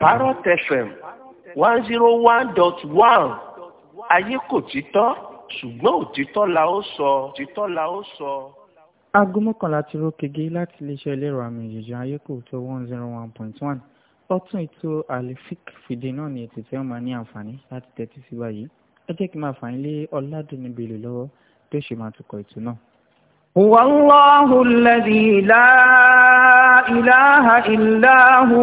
parrot fm one zero one dot one ayé kò títọ́ ṣùgbọ́n òtítọ́ la ó sọ òtítọ́ la ó sọ. aago mọ́kànlá ti ró kege láti iléeṣẹ́ ìlera àmì ìjìjì ayé kò tó one zero one point one ọtún ètò àlefik fìdí náà ni ètò tí wọ́n máa ní àǹfààní láti tẹ́tí sí báyìí ẹ jẹ́ kí n máa fà yín lé ọ̀làdùnní bèlè lọ́wọ́ tó ṣe máa tukọ̀ ètò náà. wàláhùn lẹ́dí ìlà ìlà ìlà hù.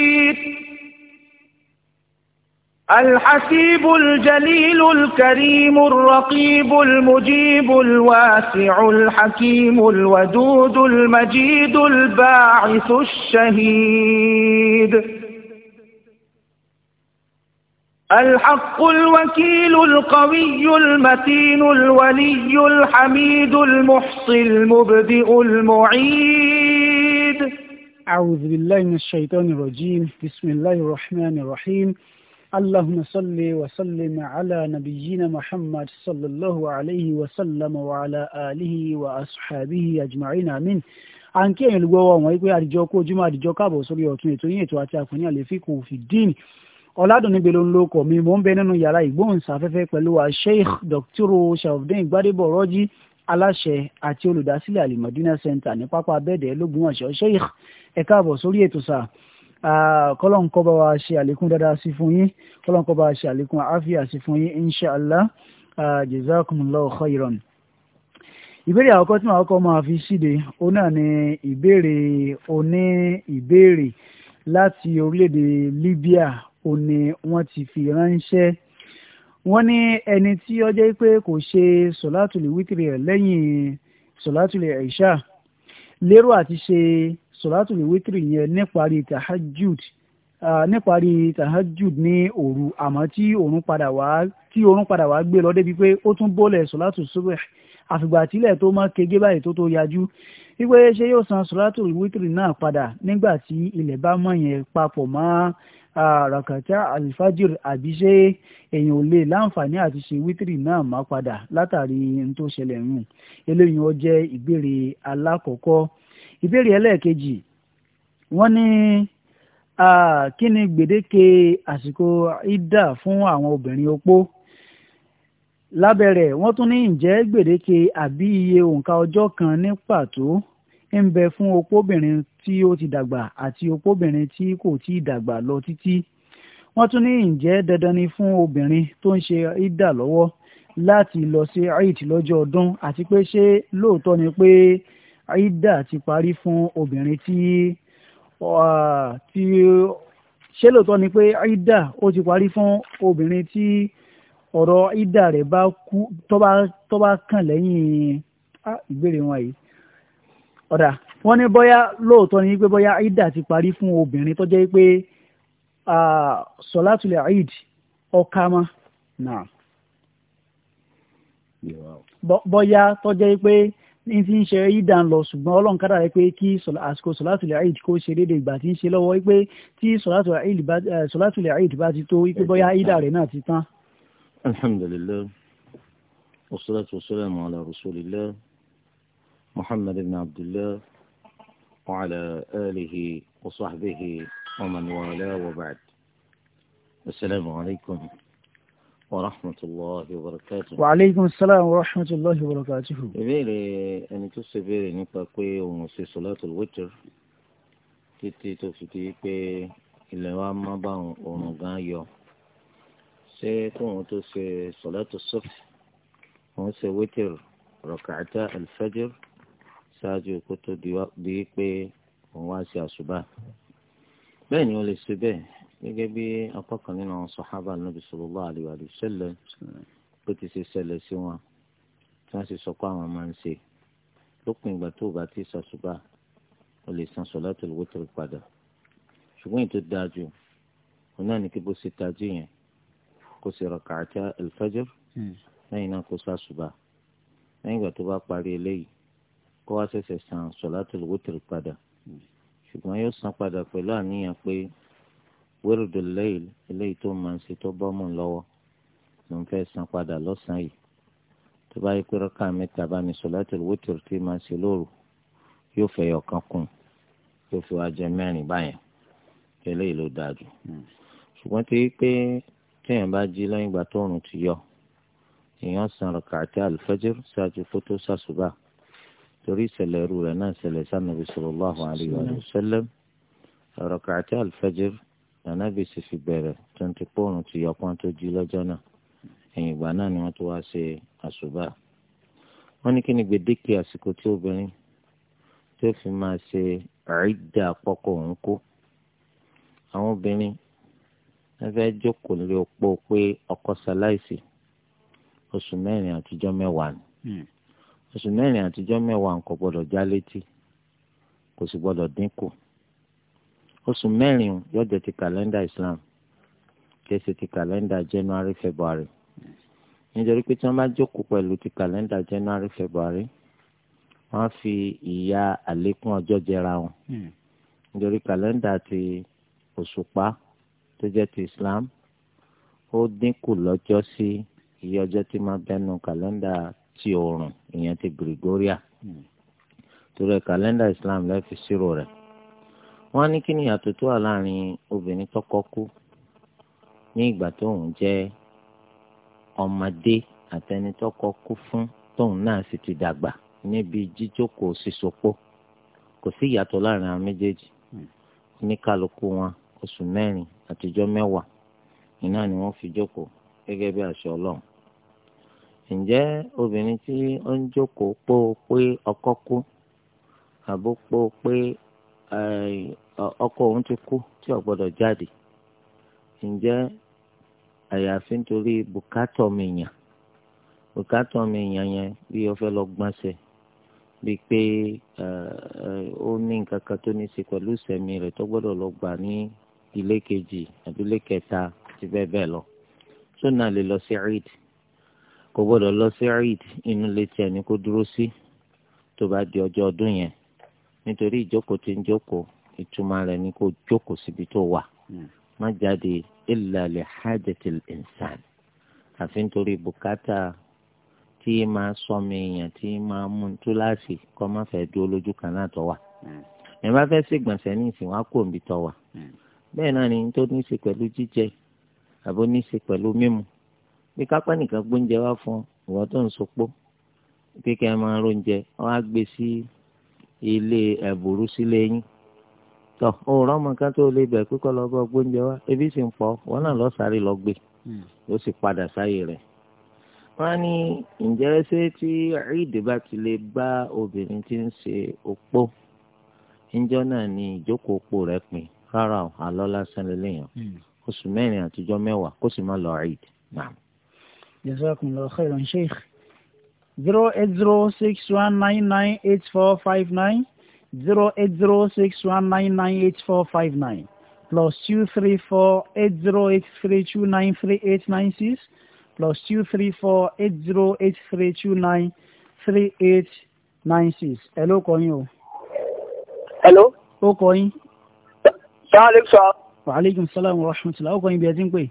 الحسيب الجليل الكريم الرقيب المجيب الواسع الحكيم الودود المجيد الباعث الشهيد الحق الوكيل القوي المتين الولي الحميد المحصي المبدئ المعيد أعوذ بالله من الشيطان الرجيم بسم الله الرحمن الرحيم اللهم صل وسلم على نبينا محمد صلى الله عليه وسلم وعلى آله وأصحابه أجمعين آمين à ń kí ẹ̀yin olùgbọ́wọ́ wọn wípé àdìjọ kó ojúmọ́ àdìjọ káàbọ̀ sórí ọ̀tún ètò yín ètò àti àkùnrin àlèfikùn fìdín ọ̀làdùnnígbè ló ń lo ọkọ̀ mi mò ń bẹ nínú yàrá ìgbóhùnsáfẹ́fẹ́ pẹ̀lú wa Sheikh Dr. Sharafdin Gbadebo Rọ́jí aláṣẹ àti olùdásílẹ̀ al Center ní pápá abẹ́ẹ̀dẹ́ lógúnwàṣọ Sheikh ẹ káàbọ̀ sórí ètò sáà Ah, kọ́lọ́n kó bá wa ṣe àlékún dáadáa sí fún yín kọ́lọ́n kó bá wa ṣe àlékún àáfíà sí fún yín inṣàlá ah, jazakumullahu khairan. ìbéèrè àkọ́kọ́ tí màá kọ́ máa fi ṣíde òun náà ni ìbéèrè oní ìbéèrè láti orílẹ̀-èdè Libya òun ni wọ́n ti fi ránṣẹ́ wọ́n ní ẹni tí ó jẹ́ pé kò ṣe sọ̀látùlì wítìrì rẹ̀ lẹ́yìn sọ̀látùlì ẹ̀ṣà lérò àti ṣe sọ̀látù lè wítìrì yẹn níparí tahajud níparí tahajud ní òru àmọ́ tí òrùn padà wá tí òrùn padà wá gbé lọ débi pé ó tún bọ́lẹ̀ sọ̀látù subh àfìgbà tílẹ̀ tó mọ́ kege báyìí tó tó yajú wípé ṣé yóò san sọ̀látù wítìrì náà padà nígbà tí ilẹ̀ bá mọ̀ yẹn papọ̀ mọ́ rakata alifajir àbí ṣé èèyàn ò lè láǹfààní àti ṣe wítìrì náà má padà látàrí n tó ṣẹlẹ̀ ń eléyìí ó jẹ́ ìbéèrè alákọ̀ọ́kọ́ ìbéèrè ẹlẹ́ẹ̀kejì wọ́n ní kí ni gbèdéke àsìkò ida fún àwọn obìnrin opó lábẹ́rẹ̀ wọ́n tún ní ǹjẹ́ gbèdéke àbí iye òǹkà ọjọ́ kan ní pàtó ń bẹ fún opóbìnrin tí ó ti dàgbà àti opóbìnrin tí kò tí ì dàgbà lọ títí wọ́n tún ní ǹjẹ́ dandan ni fún obìnrin tó ń ṣe ida lọ́wọ́ láti lọ sí eid lọ́jọ́ ọdún àti pé ṣé lóòótọ́ ni pé. Pe Aida, ti parí fún obìnrin tí tí ṣé lóòótọ́ ni pé Aida ó ti parí fún obìnrin tí ọ̀rọ̀ idda rẹ̀ bá kú tó bá kàn lẹ́yìn ah, ìbéèrè wọn yìí ọ̀dà wọ́n ní bóyá lóòótọ́ ni pé bóyá idda ti parí fún obìnrin tó jẹ́ pé sọ̀látùlẹ̀ eid ọ̀kàmá náà bóyá tó jẹ́ pé ní ti ń ṣe ìdá ń lọ ṣùgbọ́n ọlọ́run kára rẹ pé kí àsìkò sọ̀látùlẹ̀ eid kó ṣe déédéé ìgbà tí ń ṣe lọ́wọ́ wípé tí sọ̀látùlẹ̀ eid bá ti tó wípé bóyá ìdá rẹ̀ náà ti tán. alhamdulilayi wasalaatu wasalaamu ala rasulillah muhammad ibn abdullah wa ala alihi wa sahbihi wa man wala wa ba'd asalaamu alaykum. ورحمة الله وبركاته وعليكم السلام ورحمة الله وبركاته ìbéèrè ẹni tó ṣe béèrè nípa pé òun ṣe sọláàtò wítìr títí tó fi di pé ilẹ̀ wa má bá òun gan yọ ṣé kóun tó ṣe sọláàtò sọfì òun ṣe wítìr rọkàtà alfajr ṣáájú kó tó di pé òun wá ṣe àṣùbà bẹ́ẹ̀ ni ó lè ṣe bẹ́ẹ̀ gẹ́gẹ́ bí apá kan nínú àwọn sọ̀hábà nàbì sallallahu alaihi wa sallam bó ti ṣe ṣẹlẹ̀ sí wọn tí wọ́n sì sọ pé àwọn máa ń ṣe lópin ìgbà tó bá ti ṣàṣùbà o lè san solatul witr padà ṣùgbọ́n ètò dájú òun náà ní kí bó ṣe tajú yẹn kó ṣe rak'ata al-fajr lẹ́yìn náà kó ṣàṣùbà lẹ́yìn ìgbà tó bá parí eléyìí kó wá ṣẹ̀ṣẹ̀ san solatul witr padà ṣùgbọ́n yóò san padà pẹ̀lú àníyàn pé wíìrìdù lẹ́yìn eléyìí tó máa ń ṣe tó bọ́mù lọ́wọ́ ló ń fẹ́ san padà lọ́sàn-án yìí tó bá yẹ pé rákà mẹ́ta bá ní sọ̀láàtì wítìrì tí máa ṣe lóru yóò fẹ́ ọ̀kan kùn yóò fi wá jẹ mẹ́rin báyẹn eléyìí ló dáa jù hmm. ṣùgbọ́n tí pé téèyàn bá jí lẹ́yìn ìgbà tó rùn ti yọ èèyàn san rákà àti àlùfẹ́jẹ́ ṣáájú fótó ṣàṣùbà torí ìṣẹ̀lẹ̀ irú rẹ̀ náà ṣẹlẹ̀ sánàbí sallallahu alaihi nànàbì sì fi bẹ̀rẹ̀ tuntun pọ́ọ̀rùn ti yọpọ́n tó jí lọ́jọ́ náà ẹ̀yìn ìgbà náà ni wọ́n tó wá ṣe àṣùbà. wọ́n ní kí ni gbèdéke àsìkò tí obìnrin tó fi máa ṣe àìdá àpọ́kọ̀ òun kú. àwọn obìnrin ẹ fẹ́ jókòó lórí opó pé ọkọ ṣaláìsì oṣù mẹ́rin àtijọ́ mẹ́wàá ni hmm. oṣù mẹ́rin àtijọ́ mẹ́wàá kò gbọ́dọ̀ já létí kò sì gbọ́dọ̀ dínkù oṣù mẹ́rin yóò jẹ́ ti kàlẹ́ndà islam kẹsì ti kàlẹ́ndà january february nítorí pé tí wọ́n bá jókòó pẹ̀lú ti kàlẹ́ndà january february wọ́n fi ìyà àlékún ọjọ́ jẹra wọn hmm. nítorí kàlẹ́ndà ti òṣùpá tó jẹ́ ti islam ó dínkù lọ́jọ́ sí iye ọjọ́ tí máa bẹnu kàlẹ́ndà ti oòrùn ìyẹn ti gregoria hmm. torí kàlẹ́ndà islam lè fi rẹ̀. wọ́n ní kí ni ìyàtọ̀ tó wà láàrin obìnrin tọkọ kú ní ìgbà tóun jẹ́ ọmọdé àtẹni tọkọ kú fún tóun náà sì ti dàgbà níbi jíjókòó sísopó kò sí ìyàtọ̀ láàrin àwọn méjèèjì hmm. oníkálukú wọn oṣù mẹ́rin àtijọ́ mẹ́wàá iná ni wọn fi jókòó gẹ́gẹ́ bí àṣẹ ọlọ́run ǹjẹ́ obìnrin tí ó ń jókòó pé ó pé ọkọ kú àbó pé ó pé ọkọ òun ti kú tí ò gbọ́dọ̀ jáde ǹjẹ́ àyàfi nítorí bùkátà mi yàn mi yàn yẹn bí o fẹ́ lọ pé ó ní nǹkan kan ní í ṣe pẹ̀lú rẹ̀ tó lọ gbà ní ilé kejì àbí ilé kẹta lọ lọ sí lọ sí inú tiẹ̀ ní kó dúró sí tó nítorí ìjókòó tí ń jókòó ìtumọ̀ rẹ̀ ni kó jókòó síbi tó wà hmm. má jáde illa li insan àfi nítorí bùkátà tí máa sọmi èèyàn tí máa mú túláàsì kọ́ má fẹ́ dúró lójú kan náà tó wà ẹ hmm. bá fẹ́ ṣègbọ̀nsẹ̀ ní ìsìn wá kó òǹbí tó wà hmm. bẹ́ẹ̀ náà ni tó ní í ṣe pẹ̀lú jíjẹ àbó ní í ṣe pẹ̀lú mímu bí kápẹ́ nìkan gbóúnjẹ wá fún ìwọ́n tó ń sopó kíkẹ́ máa ń róúnjẹ wọ́n gbé sí. Si, ilé ẹ̀bùrú sílé yín tọ òòrùn ọmọ kan tó lè bẹ̀ kíkọ́ lọ bọ́ gbóúnjẹ wá ebi sì ń pọ̀ wọn náà lọ sáré lọ gbé hmm. ó sì padà sáyé rẹ̀ wọ́n ní ǹjẹ́ ṣé tí ìdè bá ti lè bá obìnrin tí ń ṣe opó níjọ́ náà ni ìjókòó opó rẹ̀ pin rárá o àlọ́ lásán lélẹ́yìn hmm. oṣù mẹ́rin àtijọ́ mẹ́wàá kó sì má lọ ìdè náà. jazakumullahu khairan zero eight zero six one nine nine eight four five nine zero eight zero six one nine nine eight four five nine plus two three four eight zero eight three two nine three eight nine six plus two three four eight zero eight three two nine three eight nine six. Hello ló kọ yín o. ẹ ló. ó kọ sàlẹ̀ sọ. waaleykum salaam wa rahmatulah ó kọ yín bí ẹ ti ń pè.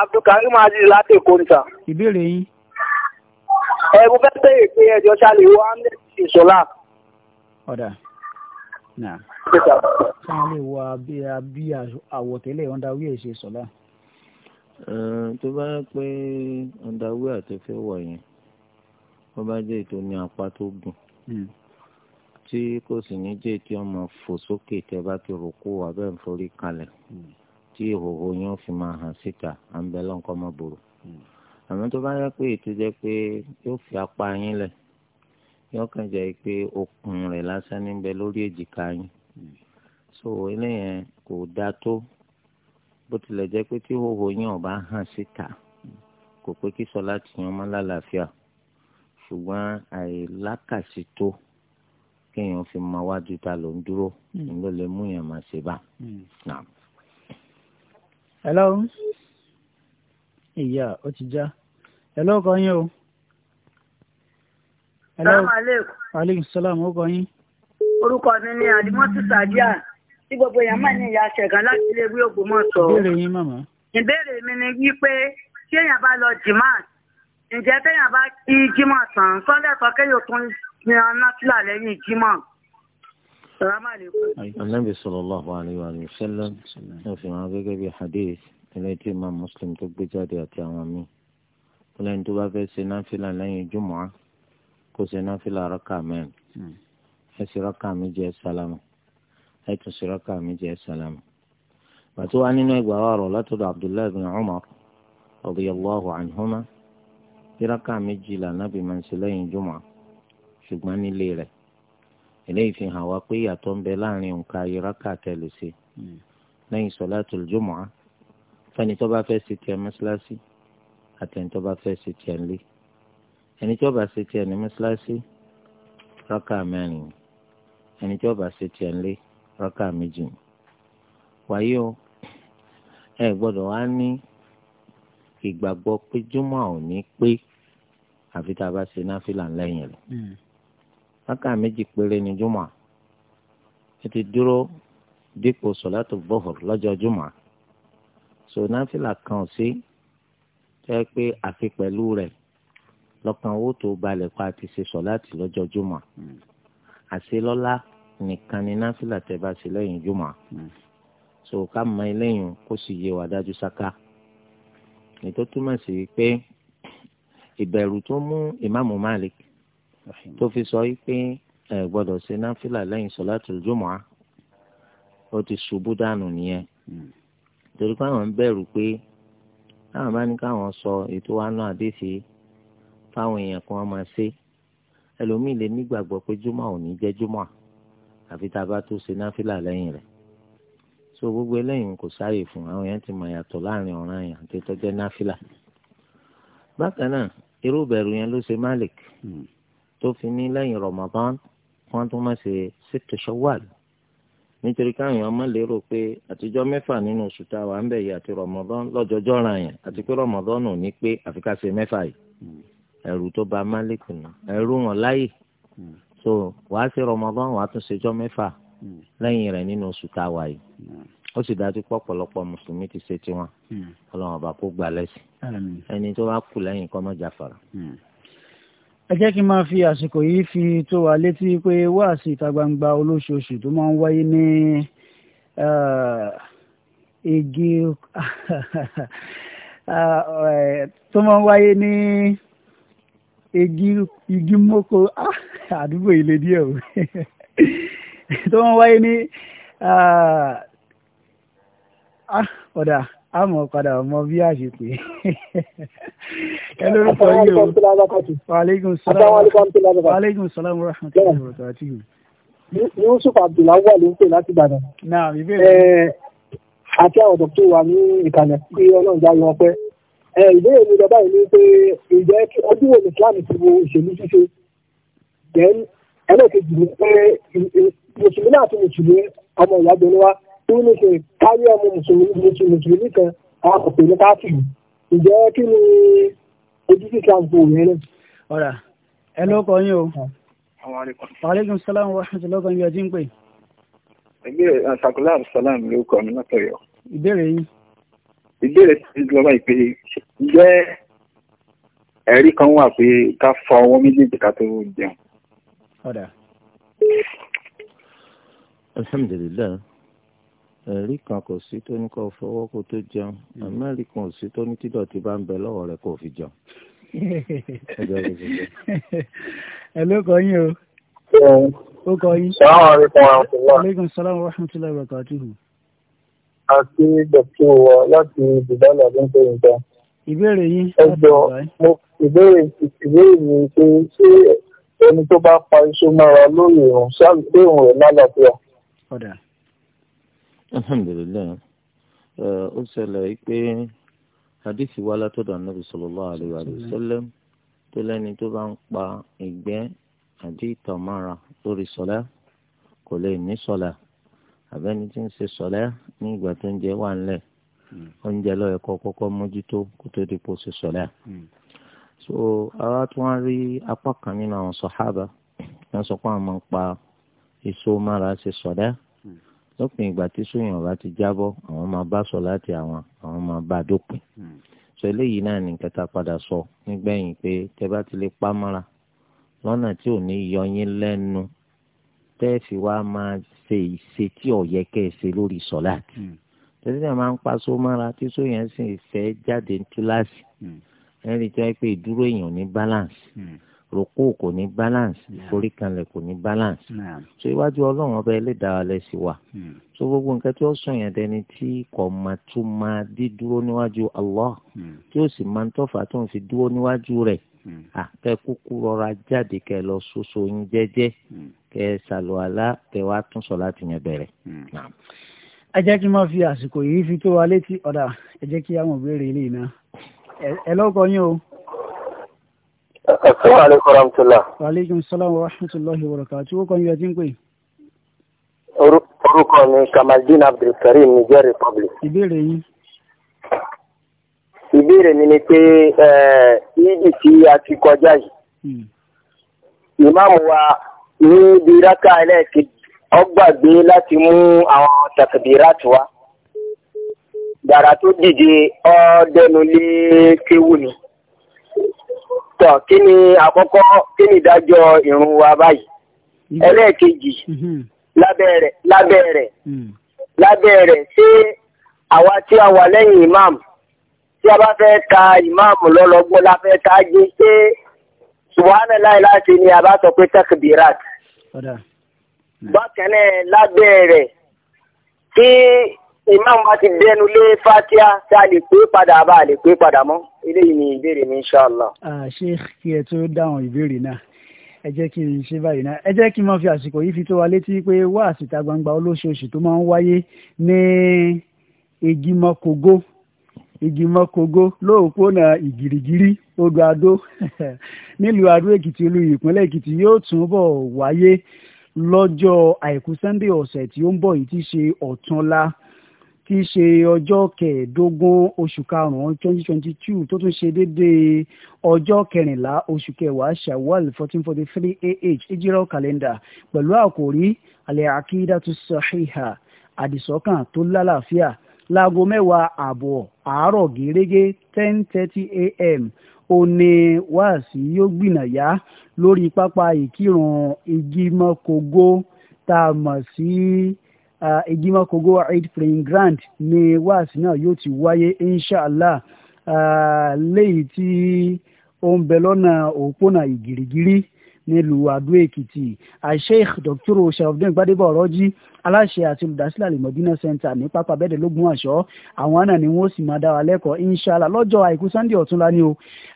abdulkarim aziz láti èkó nìta. ìbéèrè yín ẹ̀rù fẹ́ bẹ̀rẹ̀ pé ẹjọ́ ṣáàlẹ̀ wo hamlet ṣe sọ́lá. ọ̀dà náà ṣáàlẹ̀ wo bí àwọ̀tẹ́lẹ̀ underwear ṣe sọ́lá. tó bá yẹ pé underwear àti fẹ́ wọ̀ yẹn wọ́n bá jẹ́ ètò ní apá tó gùn hmm. tí kò sì ní jẹ́ tí wọ́n máa fò sókè tẹ́ bá ti rò kó abẹ́ ń forí kalẹ̀ hmm. tí ìhòòhò yẹn fi máa hàn síta à ń bẹ lọ́nkọ́ mọ́ bòrò. Hmm àmọ́ tó bá yẹ pé ètò jẹ́ pé yóò fi apá yín lẹ̀ yóò kàn jẹ́ pé okùn rẹ̀ lásán níbẹ̀ lórí èjìká yín so eléyẹn kò dáa tó bó tilẹ̀ jẹ́ pé tí hóhó yín ò bá hàn síta kò pé kí sọ láti yan ọmọ lálàáfíà ṣùgbọ́n àìlákàsí tó kéèyàn fi máa wájú ta ló ń dúró hmm. ló lè mú yàn máa ṣe bá. Hmm. hello ìyá ó ti já ẹ lọ́kọ yín o. salaamaleykum. aleykum salaam ó kọ yín. orúkọ mi ni àdìmọ́tì sàdíà tí gbogbo èèyàn máa ní ìyá ṣẹ̀gán láti ilé ìwé Ògbómọ̀ṣọ́. ìbéèrè yín màmá. ìbéèrè mi ni wípé ṣé èèyàn bá lọ jìmá ǹjẹ́ téèyàn bá kí jímọ̀ tán sọ́lẹ̀ kan kéèyàn tún yan náfìlà lẹ́yìn jímọ̀. salaamaleykum. anabi sallallahu alayhi wa sallam ń fi hàn gẹ́gẹ́ bí hadith eléyìí tí imam muslim tó gbé jáde àti àwọn míì ó lẹ́ni tó bá fẹ́ ṣe náfìlà lẹ́yìn jùmọ̀ á kó ṣe náfìlà rákà mẹ́rin hmm. ẹ sì rákà mi jẹ́ sálámù ẹ tún sì rákà mi jẹ́ sálámù. bàtú wa nínú ẹgbàá wa rọ̀ látọ̀dọ̀ abdullahi bin umar radiyallahu anhuma bí rákà méjìlá nábì máa ń ṣe lẹ́yìn jùmọ̀ ṣùgbọ́n nílé rẹ̀ eléyìí fi hàn wá pé ìyàtọ̀ ń bẹ láàrin òǹkà ayé rákà tẹ̀lé ṣe hmm. lẹ́yìn sọ̀látùl fẹ́ni tó bá fẹ́ ṣe tiẹ̀ mọ́ṣáláṣí àtẹni tó bá fẹ́ ṣe tiẹ̀ ńlẹ̀ ẹni tó bá ṣe tiẹ̀ ní mọ́ṣáláṣí rákà mẹ́rin ẹni tó bá ṣe tiẹ̀ ńlẹ̀ rákà méjì wàyí o ẹ gbọ́dọ̀ wá ní ìgbàgbọ́ pé júmọ̀ ò ní pé àfi tá a bá ṣe náfìlà lẹ́yìn rẹ̀ hmm. rákà méjì péré ni júmọ̀ ẹ ti dúró dípò sọ̀látù bọ́hùr lọ́jọ́ júmọ̀ so náfìlà kan sí jẹ́ pé àfi pẹ̀lú rẹ̀ lọ́kàn owó tó balẹ̀ pa ti ṣe sọ láti lọ́jọ́ jùmọ̀ hmm. àṣelọ́lá nìkan ni náfìlà tẹ́ bá ṣe lẹ́yìn jùmọ̀ hmm. so ká mọ eléyìn kó sì yé wa dájú sáká ètò túmọ̀ sí pé ìbẹ̀rù tó mú ìmáàmù Malik tó fi sọ pé ẹ gbọ́dọ̀ ṣe náfìlà lẹ́yìn sọ láti lọ́jọ́ jùmọ̀ ó ti ṣubú dànù nìyẹn. Hmm torí pé àwọn ń bẹ̀rù pé táwọn bá ní káwọn sọ ètò àánú àdéṣe fáwọn èèyàn kan máa ṣe ẹlòmíì lè nígbàgbọ́ pé júmọ̀ ò ní jẹ́ júmọ̀ àfi tá a bá tó ṣe náfìlà lẹ́yìn rẹ̀ so gbogbo eléyìí kò sáàyè fún àwọn èèyàn ti mọ̀ yàtọ̀ láàrin ọ̀ràn èèyàn àti tọ́jẹ́ náfìlà bákan náà irú bẹ̀rù yẹn ló ṣe Malik hmm. tó fi ní lẹ́yìn Ramadan wọ́n tún máa ṣe sètò Shawwal nítorí káwọn èèyàn máa lérò pé àtijọ́ mẹ́fà nínú oṣù tá a wà ń bẹ̀ yìí àti rọmọdán lọ́jọ́jọ́ ra yẹn àti pé rọmọdán ò ní pé àfi ṣe mẹ́fà yìí hmm. ẹ̀rù tó ba málìkù nù ẹ̀rù wọn láyè hmm. so wàá ṣe rọmọdán wàá tún ṣèjọ́ mẹ́fà hmm. lẹ́yìn rẹ̀ nínú oṣù tá a wà yìí ó sì dájú pé ọ̀pọ̀lọpọ̀ mùsùlùmí ti ṣe tiwọn ọlọ́run ọba kó gbà lẹ́sìn ẹni tó bá kù lẹ́yìn kọ́ ẹ jẹ́ kí n máa fi àsìkò yìí fi tó wa létí pé wáàsí ìta gbangba olóṣooṣù tó máa ń wáyé ní eh, igi tó máa ń wáyé ní igi igi moko ah, àdúgbò ilé díẹ̀ o tó máa ń wáyé ní ah, ah, ọ̀dà àmọ́ padà mọ bí a ṣe pé ẹ lórúkọ yìí o waaleykum salaam waaleykum salaam wa rahmatulahi wa barakatuhu. Yusuf Abdullahi wà ló ń pè láti Ìbàdàn. náà ìbéèrè. Eh, àti àwọn dókítà wà ní ìkànnì pé Ọlọ́run já yọ ọpẹ́. Eh, ìbéèrè mi lọ báyìí ni pé ǹjẹ́ ọdún wo ni Islam ti wo ìṣèlú ṣíṣe? ẹlẹ́kejì ni pé mùsùlùmí náà mùsùlùmí ọmọ ìyá gbẹ̀rẹ̀ wa tó ní ṣe kárí ọmọ mùsùlùmí mùsùlùmí kan àwọn kò pè ní káfíìn ǹjẹ́ kí ni ojú sí ìsìlámù rẹ̀ náà. ọ̀rà ẹ ló kọ yín o. aleykum salaam wa rahmatulah kan yóò ti ń pè. ìbéèrè uh, sakulam salam ló kọ mi látọ̀yọ́. ìbéèrè yín. ìbéèrè ti di lọ́wọ́ ìpè ǹjẹ́ ẹ̀rí kan wà pé ká fọ ọwọ́ méjèèjì ká tó jẹun. ọ̀rà. alhamdulilayi ẹ̀rí kan kò sí tó ní kó fọwọ́ kó tó jẹun mm. ẹ̀mẹ́rì kan ò sí tó ní tí dọ̀tí bá ń bẹ lọ́wọ́ rẹ̀ kó fi jẹun. ẹ ló kọ yín o. ó kọ yín. aleykum salaam wa rahmatulahi wa barakatuhu. àti dọ̀tí wa láti dùbálà ló ń pè nǹkan. ìbéèrè yín. ẹ jọ mo ìbéèrè ìbéèrè mi pé ṣé ẹni tó bá pa iṣu mọ́ra lórí ìrùn ṣáà lóòrùn rẹ̀ lálàáfíà. ọ̀dà. alhamdulilayi uh, ó ṣẹlẹ̀ pé hadithi wa látọ̀dọ̀ anabi sallallahu alayhi wa sallam tó lẹ́ni tó bá ń pa ìgbẹ́ àti ìtọ̀mọ́ra lórí sọlá kò lè ní sọlá àbẹ́ni tí ń ṣe sọlá ní ìgbà tó ń jẹ wà ńlẹ̀ oúnjẹ tó di ṣe so àwa tí wọ́n rí apá kan nínú àwọn sọ̀hábà pa èso mára ṣe lópin ìgbà tí sóyún ọba ti jábọ́ àwọn máa bá sọ láti àwọn àwọn máa bá dópin hmm. sọ eléyìí náà ní kẹta padà sọ nígbẹ̀yìn pé tẹ́ bá ti lè pamọ́ra lọ́nà tí ò ní yọ yín lẹ́nu tẹ́ fi wá máa ṣe ìṣe tí ò yẹ kẹ́ ẹ ṣe lórí sọ́láàtì hmm. tẹ́lẹ̀ náà máa ń pa sómọ́ra tí sóyún ẹ̀sìn ìfẹ́ jáde túláàsì hmm. ẹ̀rí tí wọ́n pè dúró èèyàn ní balance rògbò kò ní balance ìforíkanlẹ̀ kò ní balance so iwájú ọlọ́run ọba ẹlẹ́dàá lẹ sí wa hmm. so gbogbo nǹkan tí ó sùn yẹn dẹni tí kò máa tún máa dídúró níwájú Allah hmm. tí ó sì máa ń tọ́fà tó ń fi dúró níwájú rẹ̀ hmm. àkẹ́ kúkú rọra jáde kẹ lọ soso yín jẹ́jẹ́ kẹ ṣàlùwàlá kẹ wàá tún sọ láti yẹn bẹ̀rẹ̀. ẹ jẹ́ kí n máa fi àsìkò yìí fi tó wa létí ọ̀dà ẹ jẹ́ kí àwọn òbí rè é lè ná ẹ lọ́kọ̀ Assalamu alaikum warahmatullah. Wa alaikum salam wa rahmatullahi wa barakatuh. Orúkọ yóò ti ń pè. Orúkọ mi Kamaldeen Abdulkareem Niger Republic. Ìbéèrè yín. Ìbéèrè mi ni pé ìdí tí a ti kọjá yìí. Hmm. Ìmáàmù wa ní ibi rákà ẹlẹ́ẹ̀kejì ó láti mú àwọn takbirat wa. Dàrà tó dìde ó dẹnu lé kéwù ni tọ̀ kí ni àkọ́kọ́ kí ni ìdájọ́ ìrun wa báyìí mm-hmm. ẹlẹ́ẹ̀kejì mm-hmm. lábẹ́ rẹ̀ lábẹ́ rẹ̀ mm. lábẹ́ ṣé àwa tí a wà lẹ́yìn imam tí a bá fẹ́ ka imam lọ́lọ́gbọ́n la fẹ́ ka jí ṣé subahana láì láti ni a bá sọ pé takbirat bákan náà lábẹ́ kí imam bá ti dẹnu lé fatia tí a lè pé padà bá a lè pé padà mọ́ eléyìí ni ìbéèrè mi inshallah. ṣé kí ẹ tó dáhùn ìbéèrè náà ẹ jẹ́ kí n ṣe báyìí náà ẹ jẹ́ kí n máa fi àsìkò yìí fi tó wa létí pé wáàsí ìta gbangba olóṣooṣù tó máa ń wáyé ní ìgbìmọ̀kògó ìgbìmọ̀kògó lóòpónà ìgìrìgìrì odò adó nílùú adó èkìtì olú ìpínlẹ̀ èkìtì yóò túnbọ̀ wáyé lọ́jọ́ àìkú sunday ọ̀sẹ̀ tí ó ń bọ̀ yìí ti ṣe ọ̀túnla tí í ṣe ọjọ́ kẹẹ̀ẹ́dógún oṣù karùn-ún twenty twenty two tó tún ṣe déédéé ọjọ́ kẹrìnlá oṣù kẹwàá shawwal fourteen forty three ah ejirọ kàlẹ́ndà pẹ̀lú àkòrí alẹ́ akídàtú sahiha àdìsọ́kàn tó lálàáfíà láago mẹ́wàá ààbọ̀ àárọ̀ gẹ́gẹ́ ten thirty am òní wáàsí yóò gbìnàyà lórí pápá ìkírun igi mọ́kógó tá a mọ̀ sí. Si ìgbìmọ̀ eh, kogo eid praying grand ni wáàsí náà yóò ti wáyé inshàlá eh, léyìí tí ó ń bẹ lọ́nà òpónà ìgìrìgìrì nílùú adó èkìtì àṣeyìk dr sharafdin gbadebo ọ̀rọ̀jì aláṣẹ àti olùdásílẹ̀ alimọ̀dínà center ní pápá bẹ́ẹ̀dẹ̀ lógún àṣọ àwọn náà ni wọ́n sì máa dá wa lẹ́kọ̀ọ́ inshallah lọ́jọ́ àìkú sunday ọ̀túnla ni o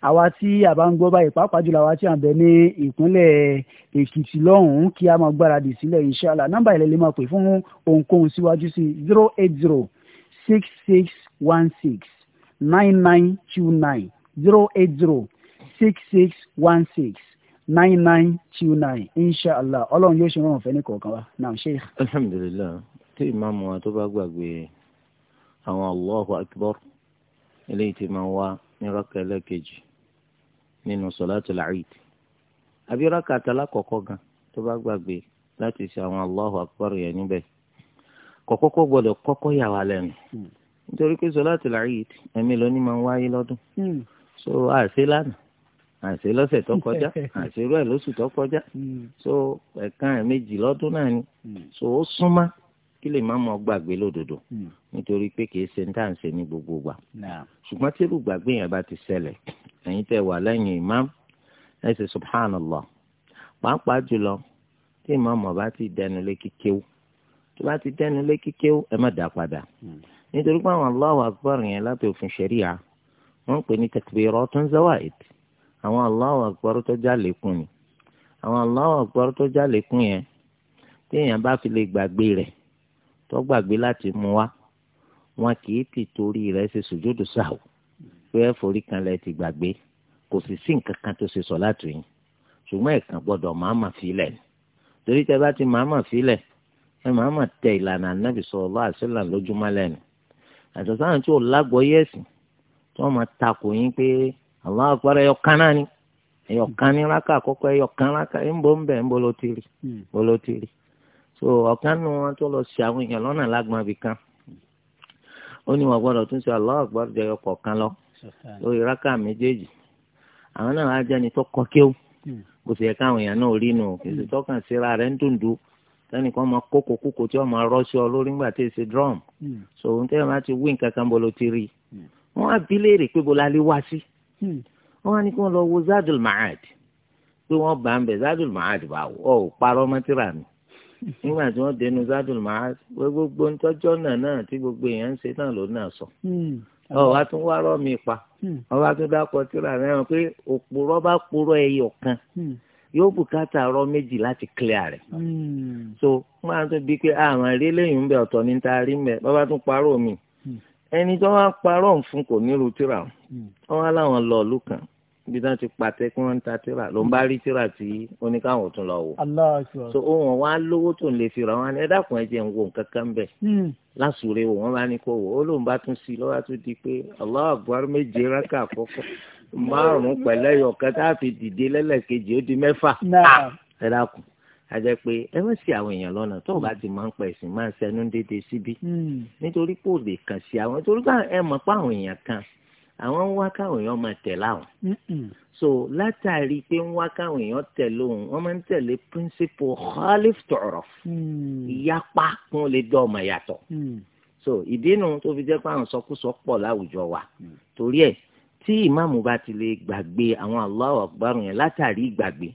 àwa tí a bá ń gbọ́ báyìí pàápàá jùlọ àwa tí à ń bẹ ní ìpínlẹ̀ èkìtì lọ́hùn kí a máa gbáradì sílẹ̀ inshallah nọ́mbà ilẹ̀ lè máa pè fún ohunkóhun síwájú sí zero eight zero six six one six nine nine two nine zero eight zero six six one six nine nine two nine inshallah ọlọ́run yóò ṣe wọn ọ̀fẹ́ ní kọ̀ọ̀kan wa na sheikh. alhamdulilayi tí ìmáàmù wa tó bá gbàgbé àwọn allahu akbar eléyìí ti máa wá ní rákà ẹlẹ́kejì nínú sọ̀láàtì àbí gan tó bá gbàgbé láti ṣe àwọn allahu akbar yẹn níbẹ̀ kọ̀kọ́kọ́ gbọ́dọ̀ kọ́kọ́ yà wá lẹ́nu hmm. nítorí pé sọ̀láàtì làáyìd ẹ̀mí máa ń wáyé lọ́dún hmm. so àṣẹ lánàá. àṣẹ lọ́sẹ̀ tó kọjá hmm. àṣẹ rú ẹ̀ lóṣù tó kọjá so ẹ̀kan ẹ̀ méjì lọ́dún náà ni hmm. so ó súnmọ́ kí lè má mọ gbàgbé lódodo hmm. nítorí pé kìí ṣe ń tàǹṣe ní gbogbo gbà ṣùgbọ́n tí irú yẹn bá ti ṣẹlẹ̀ ẹ̀yin tẹ́ wà lẹ́yìn imam ẹ ṣe subhanallah pàápàá jùlọ tí imam ọba ti dẹnu lé kíkéwú tó bá ti dẹnu lé kíkéwú ẹ má dà padà nítorí pé àwọn Allahu akbar yẹn láti òfin ṣẹ̀ríà wọ́n ń pè ní takbiratun zawaid àwọn Allahu Akbar tó já lékún ni àwọn Allahu Akbar tó já lékún yẹn téèyàn bá fi lè gbàgbé rẹ̀ tó gbàgbé láti mú wá wọn kì í ti torí rẹ̀ ṣe sùjúdù sáà pé ẹ forí kanlẹ̀ ti gbàgbé kò sì sí nǹkan kan tó ṣe sọ láti yín ṣùgbọ́n ẹ̀kan gbọ́dọ̀ màmá filẹ̀ ni torí tẹ bá ti màmá filẹ̀ ẹ màmá tẹ ìlànà anábì sallallahu alaihi wasallam lójúmọ́ lẹ́nu àtọ̀sáwọn tí ò lágbọ́yé ẹ̀sìn tí wọ́n máa takò yín pé Allahu akbar ẹyọ kan náà ni ẹyọ kan ní rákà àkọ́kọ́ ẹyọ ńbọ ńbẹ ńbọ ló ti rí ńbọ hmm. ló ti rí so ọ̀kan nù wọn tó lọ sí àwọn èèyàn lọ́nà kan ó ní wọn gbọ́dọ̀ tún ṣe lọ lórí méjèèjì àwọn náà á tó kọ́ kò sì yẹ káwọn èèyàn náà rí nù hmm. tọ́kàn síra rẹ̀ ń máa kókò hmm. tí wọ́n máa lórí tí so ohun tẹ́lẹ̀ máa ti wí nǹkan kan ti rí wọ́n á Hmm. wọ́n wá ní kí wọ́n lọ wo zadul ma'ad pé wọ́n bá ń bẹ̀ zadul ma'ad bá ọ̀ parọ́ mọ́tìrà mi nígbà tí wọ́n dénú zadul ma'ad gbogbo ntọ́jọ́ náà náà tí gbogbo èèyàn ń ṣe náà ló náà sọ hmm. ọ wá tún wá rọ́ mi pa hmm. ọ wá tún dákọ tìrà náà pé òpùrọ́ bá purọ́ ẹyọ kan yóò bùkátà rọ méjì láti clear rẹ. so wọn á tún bí pé ah, àwọn eré lẹ́yìn ń bẹ ọ̀tọ̀ ní ta rí mẹ bàbá tún parọ́ mi ẹni tó wá parọ́ fún kò ní rutira hmm. wọn wá láwọn lọ ọ̀lú kan ibi tí wọn ti pàtẹ kí wọn ń ta tírà ló ń bá rí tírà tí oníkàwọn tún lọ wò. so ohun wa lówó tó ń lè fi ra wọn ẹ dákun ẹ jẹ ń wo nǹkan kan bẹ. Hmm. lásùrè wò wọn bá ní kó wò ó lóun bá tún sí lọ́wọ́ tún di pé Allahu Akbar méje rákà àkọ́kọ́ márùn-ún pẹ̀lẹ́ yọ̀ọ̀kan fi dìde lẹ́lẹ́kejì ó di mẹ́fà ẹ dákun àjẹ pé ẹ má sí àwọn èèyàn lọ́nà tó o bá ti máa ń pẹ̀ sí máa ń sẹnu dédé síbí hmm. nítorí pé lè kàn sí àwọn nítorí pé ẹ mọ̀ pé àwọn èèyàn kan àwọn ń wá káwọn èèyàn máa tẹ̀ láwọn so látàrí pé ń wá káwọn èèyàn tẹ̀ lóhùn wọ́n máa ń tẹ̀lé píńsípù khalif tọ̀rọ̀ hmm. ìyapa kún lè dọ́ ọmọ yàtọ̀ hmm. so ìdínú tó fi jẹ́ pé àwọn sọkúsọ pọ̀ láwùjọ wa torí ẹ̀ tí ìmáàmù bá ti lè gbàgbé àwọn Allahu Akbar yẹn látàrí ìgbàgbé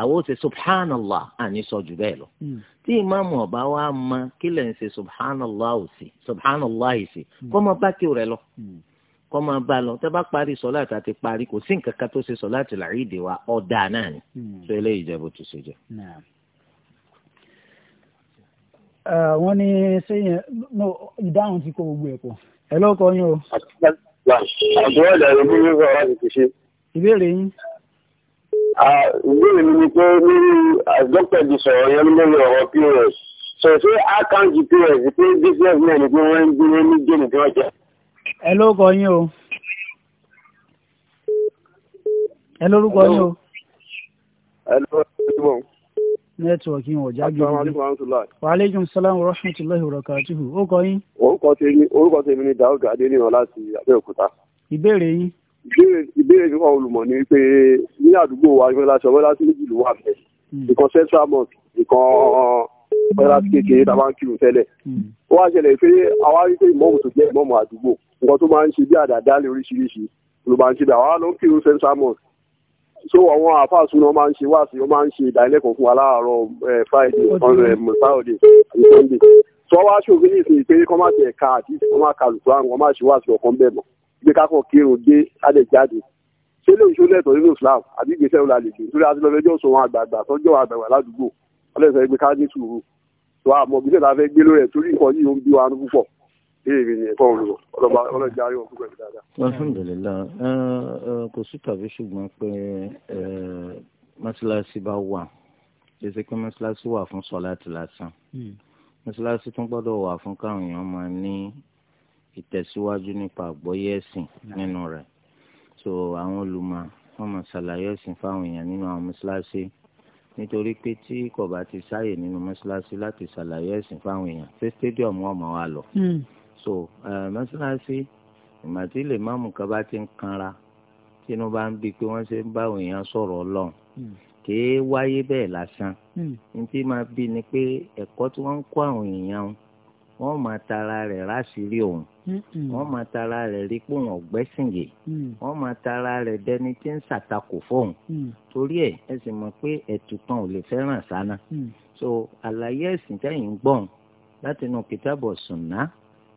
àwọn ò ṣe subhanallah àní sọ jù bẹ́ẹ̀ lọ. Hmm. tí ìmáàmù ọba wa ma kí lè ń ṣe subhanallah ò sí subhanallah ì sí hmm. kọ́ máa bá tiw rẹ lọ hmm. kọ́ máa bá lọ tẹ́ bá parí sọ́lá àti àti parí kò sí nǹkan kan tó ṣe sọ́lá àti làrí ìdè wa ọ̀dà náà ni tó eléyìí jẹ́ bó ṣe jẹ́. wọ́n ní sẹ́yìn ìdáhùn ti kó gbogbo ẹ̀ pọ̀ ẹ̀ lọ́kọ̀ yín o. àti ìgbà ìbéèrè yín. Ah, ìbéèrè mi ni pé nínú ah, dókítà ti sọ̀rọ̀ yẹn lórí ọ̀rọ̀ pos sọ ṣé àkáǹtì pos pé business man pé wọ́n ń gbé ní géèmù tí wọ́n jẹ. ẹ lórúkọ yín o ẹ lórúkọ yín o. ẹ lórúkọ nẹ́tíwọ̀kì wọn ọ̀já gidi. wa aleykum salaam wa rahmatulahi wa barakatuhu. ó kọ yín. orúkọ tèmi ni Daoud Adeniran láti Abẹ́òkúta. ìbéèrè yín ìbéèrè mi kan olùmọ̀ ni pé ní àdúgbò wa ìfẹ́ láti ọ̀bẹ́ láti méjì ló wà bẹ́ẹ̀ ìkan hmm. central mosque ìkan ọ̀bẹ́ láti kékeré tá a máa ń kírun tẹ́lẹ̀ hmm. ó wá ṣẹlẹ̀ pé àwa rí pé ìmọ̀mù tó jẹ́ ìmọ̀mù àdúgbò nǹkan tó máa ń ṣe bí àdàdálẹ̀ oríṣiríṣi ló máa ń ṣe bí àwa ló ń kírun central mosque so àwọn àfáàsùn náà máa ń ṣe wáàsí wọn máa ń ṣe ìdánilẹ́kọ̀ọ́ fún wa láàárọ̀ eh, friday eh, saturday àti sunday tí wọ́n wá ṣòfin ní ìsìn ìpè kọ́máṣe ẹ̀ka àti kọ́máṣe àlùkò àrùn kọ́máṣe wáàsí ọ̀kan bẹ́ẹ̀ mọ́ gbé kákọ̀ kírun dé adẹ̀ jáde ṣé lè ṣó lẹ́tọ̀ọ́ nínú Islam àbí ìgbésẹ̀ ńlá lè ṣe nítorí àti lọ́fẹ́ jọ́ sọ wọn àgbààgbà tọ́jọ́ àgbààgbà ládùúgbò ọlẹ́sẹ̀ gbé ká ní sùúrù tó àmọ́ bí sẹ́ta fẹ́ gbé lórí ẹ̀ torí nǹkan yìí ó ń bí wa ní púpọ̀ béèrè ni ẹ̀kọ́ òun lọ ọlọ́ba ọlọ́jà ayọ̀ púpọ̀ ẹ̀ dáadáa. alhamdulilayi kò sí tàbí ṣùgbọ́n pé mọ́ṣáláṣí bá wà ṣèṣe pé mọ́ṣáláṣí wà fún sọ́láàtì lásán hmm. mọ́ṣáláṣí tún gbọ́dọ̀ wà fún káwọn èèyàn máa ní ìtẹ̀síwájú nípa àgbọ́yé ẹ̀sìn nínú rẹ̀ so àwọn olùmọ̀ wọn mọ̀ ṣàlàyé ẹ̀sìn fáwọn èèyàn nínú àwọn mọ́ṣáláṣí nítorí pé tí kò bá ti sáyè nínú mọ́ṣáláṣí láti ṣàlàyé ẹ̀sìn fáwọn èèyàn ṣé stadium wọn mọ̀ wá lọ. Hmm. so mọ́ṣáláṣí ìgbà tí lè má mú kaba ti ń kanra tínú bá ń bi pé wọ́n ṣe ń báwọn èèyàn sọ̀rọ̀ ọlọ́run hmm. kèé wáyé bẹ́ẹ̀ lásán hmm. ní tí máa bí ni pé ẹ̀kọ́ tí wọ́n ń kó àwọn èèyàn wọn máa tara rẹ̀ ráṣìírí òun wọ́n máa tara rẹ̀ rí pé wọ́n gbẹ́sìn yìí mm. wọ́n máa tara rẹ̀ dẹni tí ń ṣàtakò fóun mm. torí ẹ̀ ẹ sì mọ̀ pé ẹ̀tùpọ̀n ò lè fẹ́ràn sáná mm. so àlàyé ẹ̀sìn tẹ̀yìn gbọ̀n láti inú kìtàbọ̀ sùnà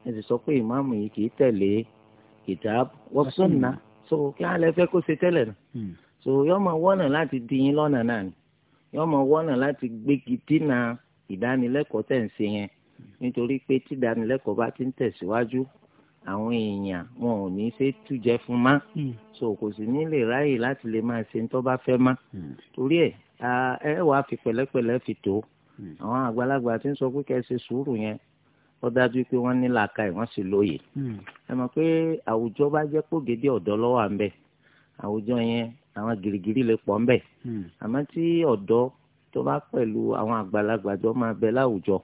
ẹ sì sọ pé ìmáàmù yìí kì í tẹ̀lé kìtàbọ̀ wọ́n sùnà so kí á lẹ fẹ́ kó ṣe tẹ́lẹ̀ nù so yọ́ máa wọ́nà láti di yín lọ́nà náà ni yọ́ máa wọ́nà láti gbégi dínà ìdánilẹ́kọ̀ọ́ tẹ̀ ń ṣe yẹn nítorí pé tí ìdánilẹ́kọ̀ọ́ bá ti ń tẹ̀síwájú àwọn èèyàn wọn ò ní ṣe tújẹ fún má hmm. so kò sì ní lè ráyè láti lè máa ṣe tó bá fẹ́ má hmm. torí ẹ̀ ẹ wàá fi pẹ̀lẹ́pẹ̀lẹ́ fi tó hmm. àwọn àgbàlagbà tí ń sọ pé kẹ́sì sùúrù yẹn ó dájú pé wọ́n ní làákàyè wọ́n sì lóye ẹ mọ̀ pé àwùjọ bá jẹ́ pò gédé ọ̀dọ́ lọ́wọ́ à ń bẹ̀ àwùjọ yẹn àwọn gìrìgìrì lè pọ̀ ń bẹ̀ àmọ́ tí ọ̀dọ́ tó bá pẹ̀lú àwọn àgbàlagbà jọ máa bẹ láwùjọ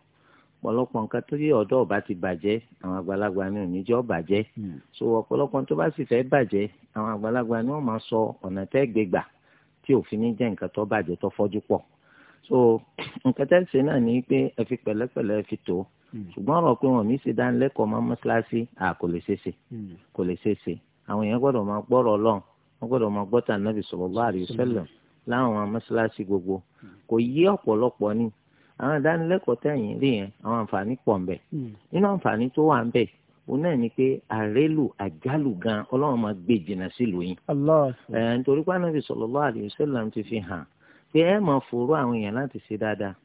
ọ̀pọ̀lọpọ̀ nǹkan tó yẹ ọ̀dọ́ ọba ti bàjẹ́ àwọn àgbàlagbà ni ò ní jẹ́ ọ̀bàjẹ́ hmm. so ọ̀pọ̀lọpọ̀ tó bá sì fẹ́ bàjẹ́ àwọn àgbàlagbà ni wọ́n máa sọ ọ̀nà tẹ́ gbégbà tí òfin ní jẹ́ nǹkan tó bàjẹ́ tó fọ́jú pọ̀ so nǹkan tẹ́ ṣe náà ni pé ẹ fi pẹ̀lẹ́pẹ̀lẹ́ fi tó hmm. ṣùgbọ́n ọ̀rọ̀ pé wọn mi ṣe dánilẹ́kọ̀ọ́ máa mọ́ṣáláṣí à kò lè ṣeéṣe hmm. kò lè ṣeéṣe àwọn èèyàn gbọ́dọ̀ máa gbọ́rọ̀ ọlọ́run wọ́n gbọ́dọ̀ máa gbọ́tà nàbì sallallahu alaihi wasallam láwọn mọ́ṣáláṣí gbogbo kò yí ọ̀pọ̀lọpọ̀ àwọn ìdánilẹ́kọ̀ọ́ tẹ̀yìn rí yẹn àwọn àǹfààní pọ̀ ń bẹ̀ hmm. nínú àǹfààní tó wà ń bẹ̀ òun náà ni pé àrélù àjálù gan ọlọ́run máa gbé jìnnà sílùú yín. ẹ nítorí pé Ànábì sallallahu alaihi wasallam ti fi hàn pé ẹ máa fòrò àwọn èèyàn láti ṣe dáadáa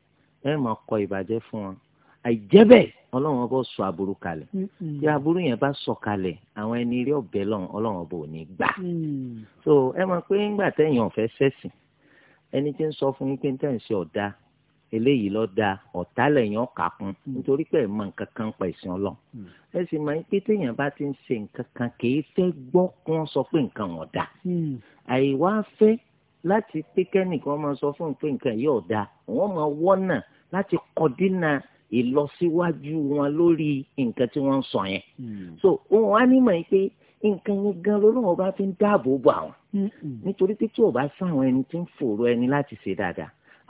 ẹ máa kọ ìbàjẹ́ fún wọn àìjẹ́ bẹ́ẹ̀ ọlọ́run ọba sọ aburú kalẹ̀ hmm, hmm. tí aburú yẹn bá sọ kalẹ̀ àwọn ẹni rí ọ̀bẹ lọ́run ọlọ́run ọba ò ní gbà. so ẹ mọ̀ pé ńgbà tẹ̀yìn ọ̀fẹ́ sẹ́sìn ẹni tí ń sọ fún yín pé ń eléyìí lọ da ọ̀tá lẹ́yìn ọ̀kà kún hmm. nítorí pé ẹ̀ mọ nǹkan kan pa ìsìn ọlọ. Hmm. ẹ sì máa ń pé téèyàn bá ti ń ṣe nǹkan kan kì í fẹ́ gbọ́ kí wọ́n sọ pé nǹkan wọn da. Hmm. àìwá fẹ́ láti pé kẹ́nìkan máa sọ fún un pé nǹkan yìí ọ̀dà wọ́n máa wọ́nà láti kọ́ ìlọsíwájú wọn lórí nǹkan tí wọ́n ń sọ yẹn. so wọn á ní mọ̀ pé nǹkan yẹn gan lọ́lọ́wọ́ bá fi ń dáàbò bo àwọn. nítorí pé tí ò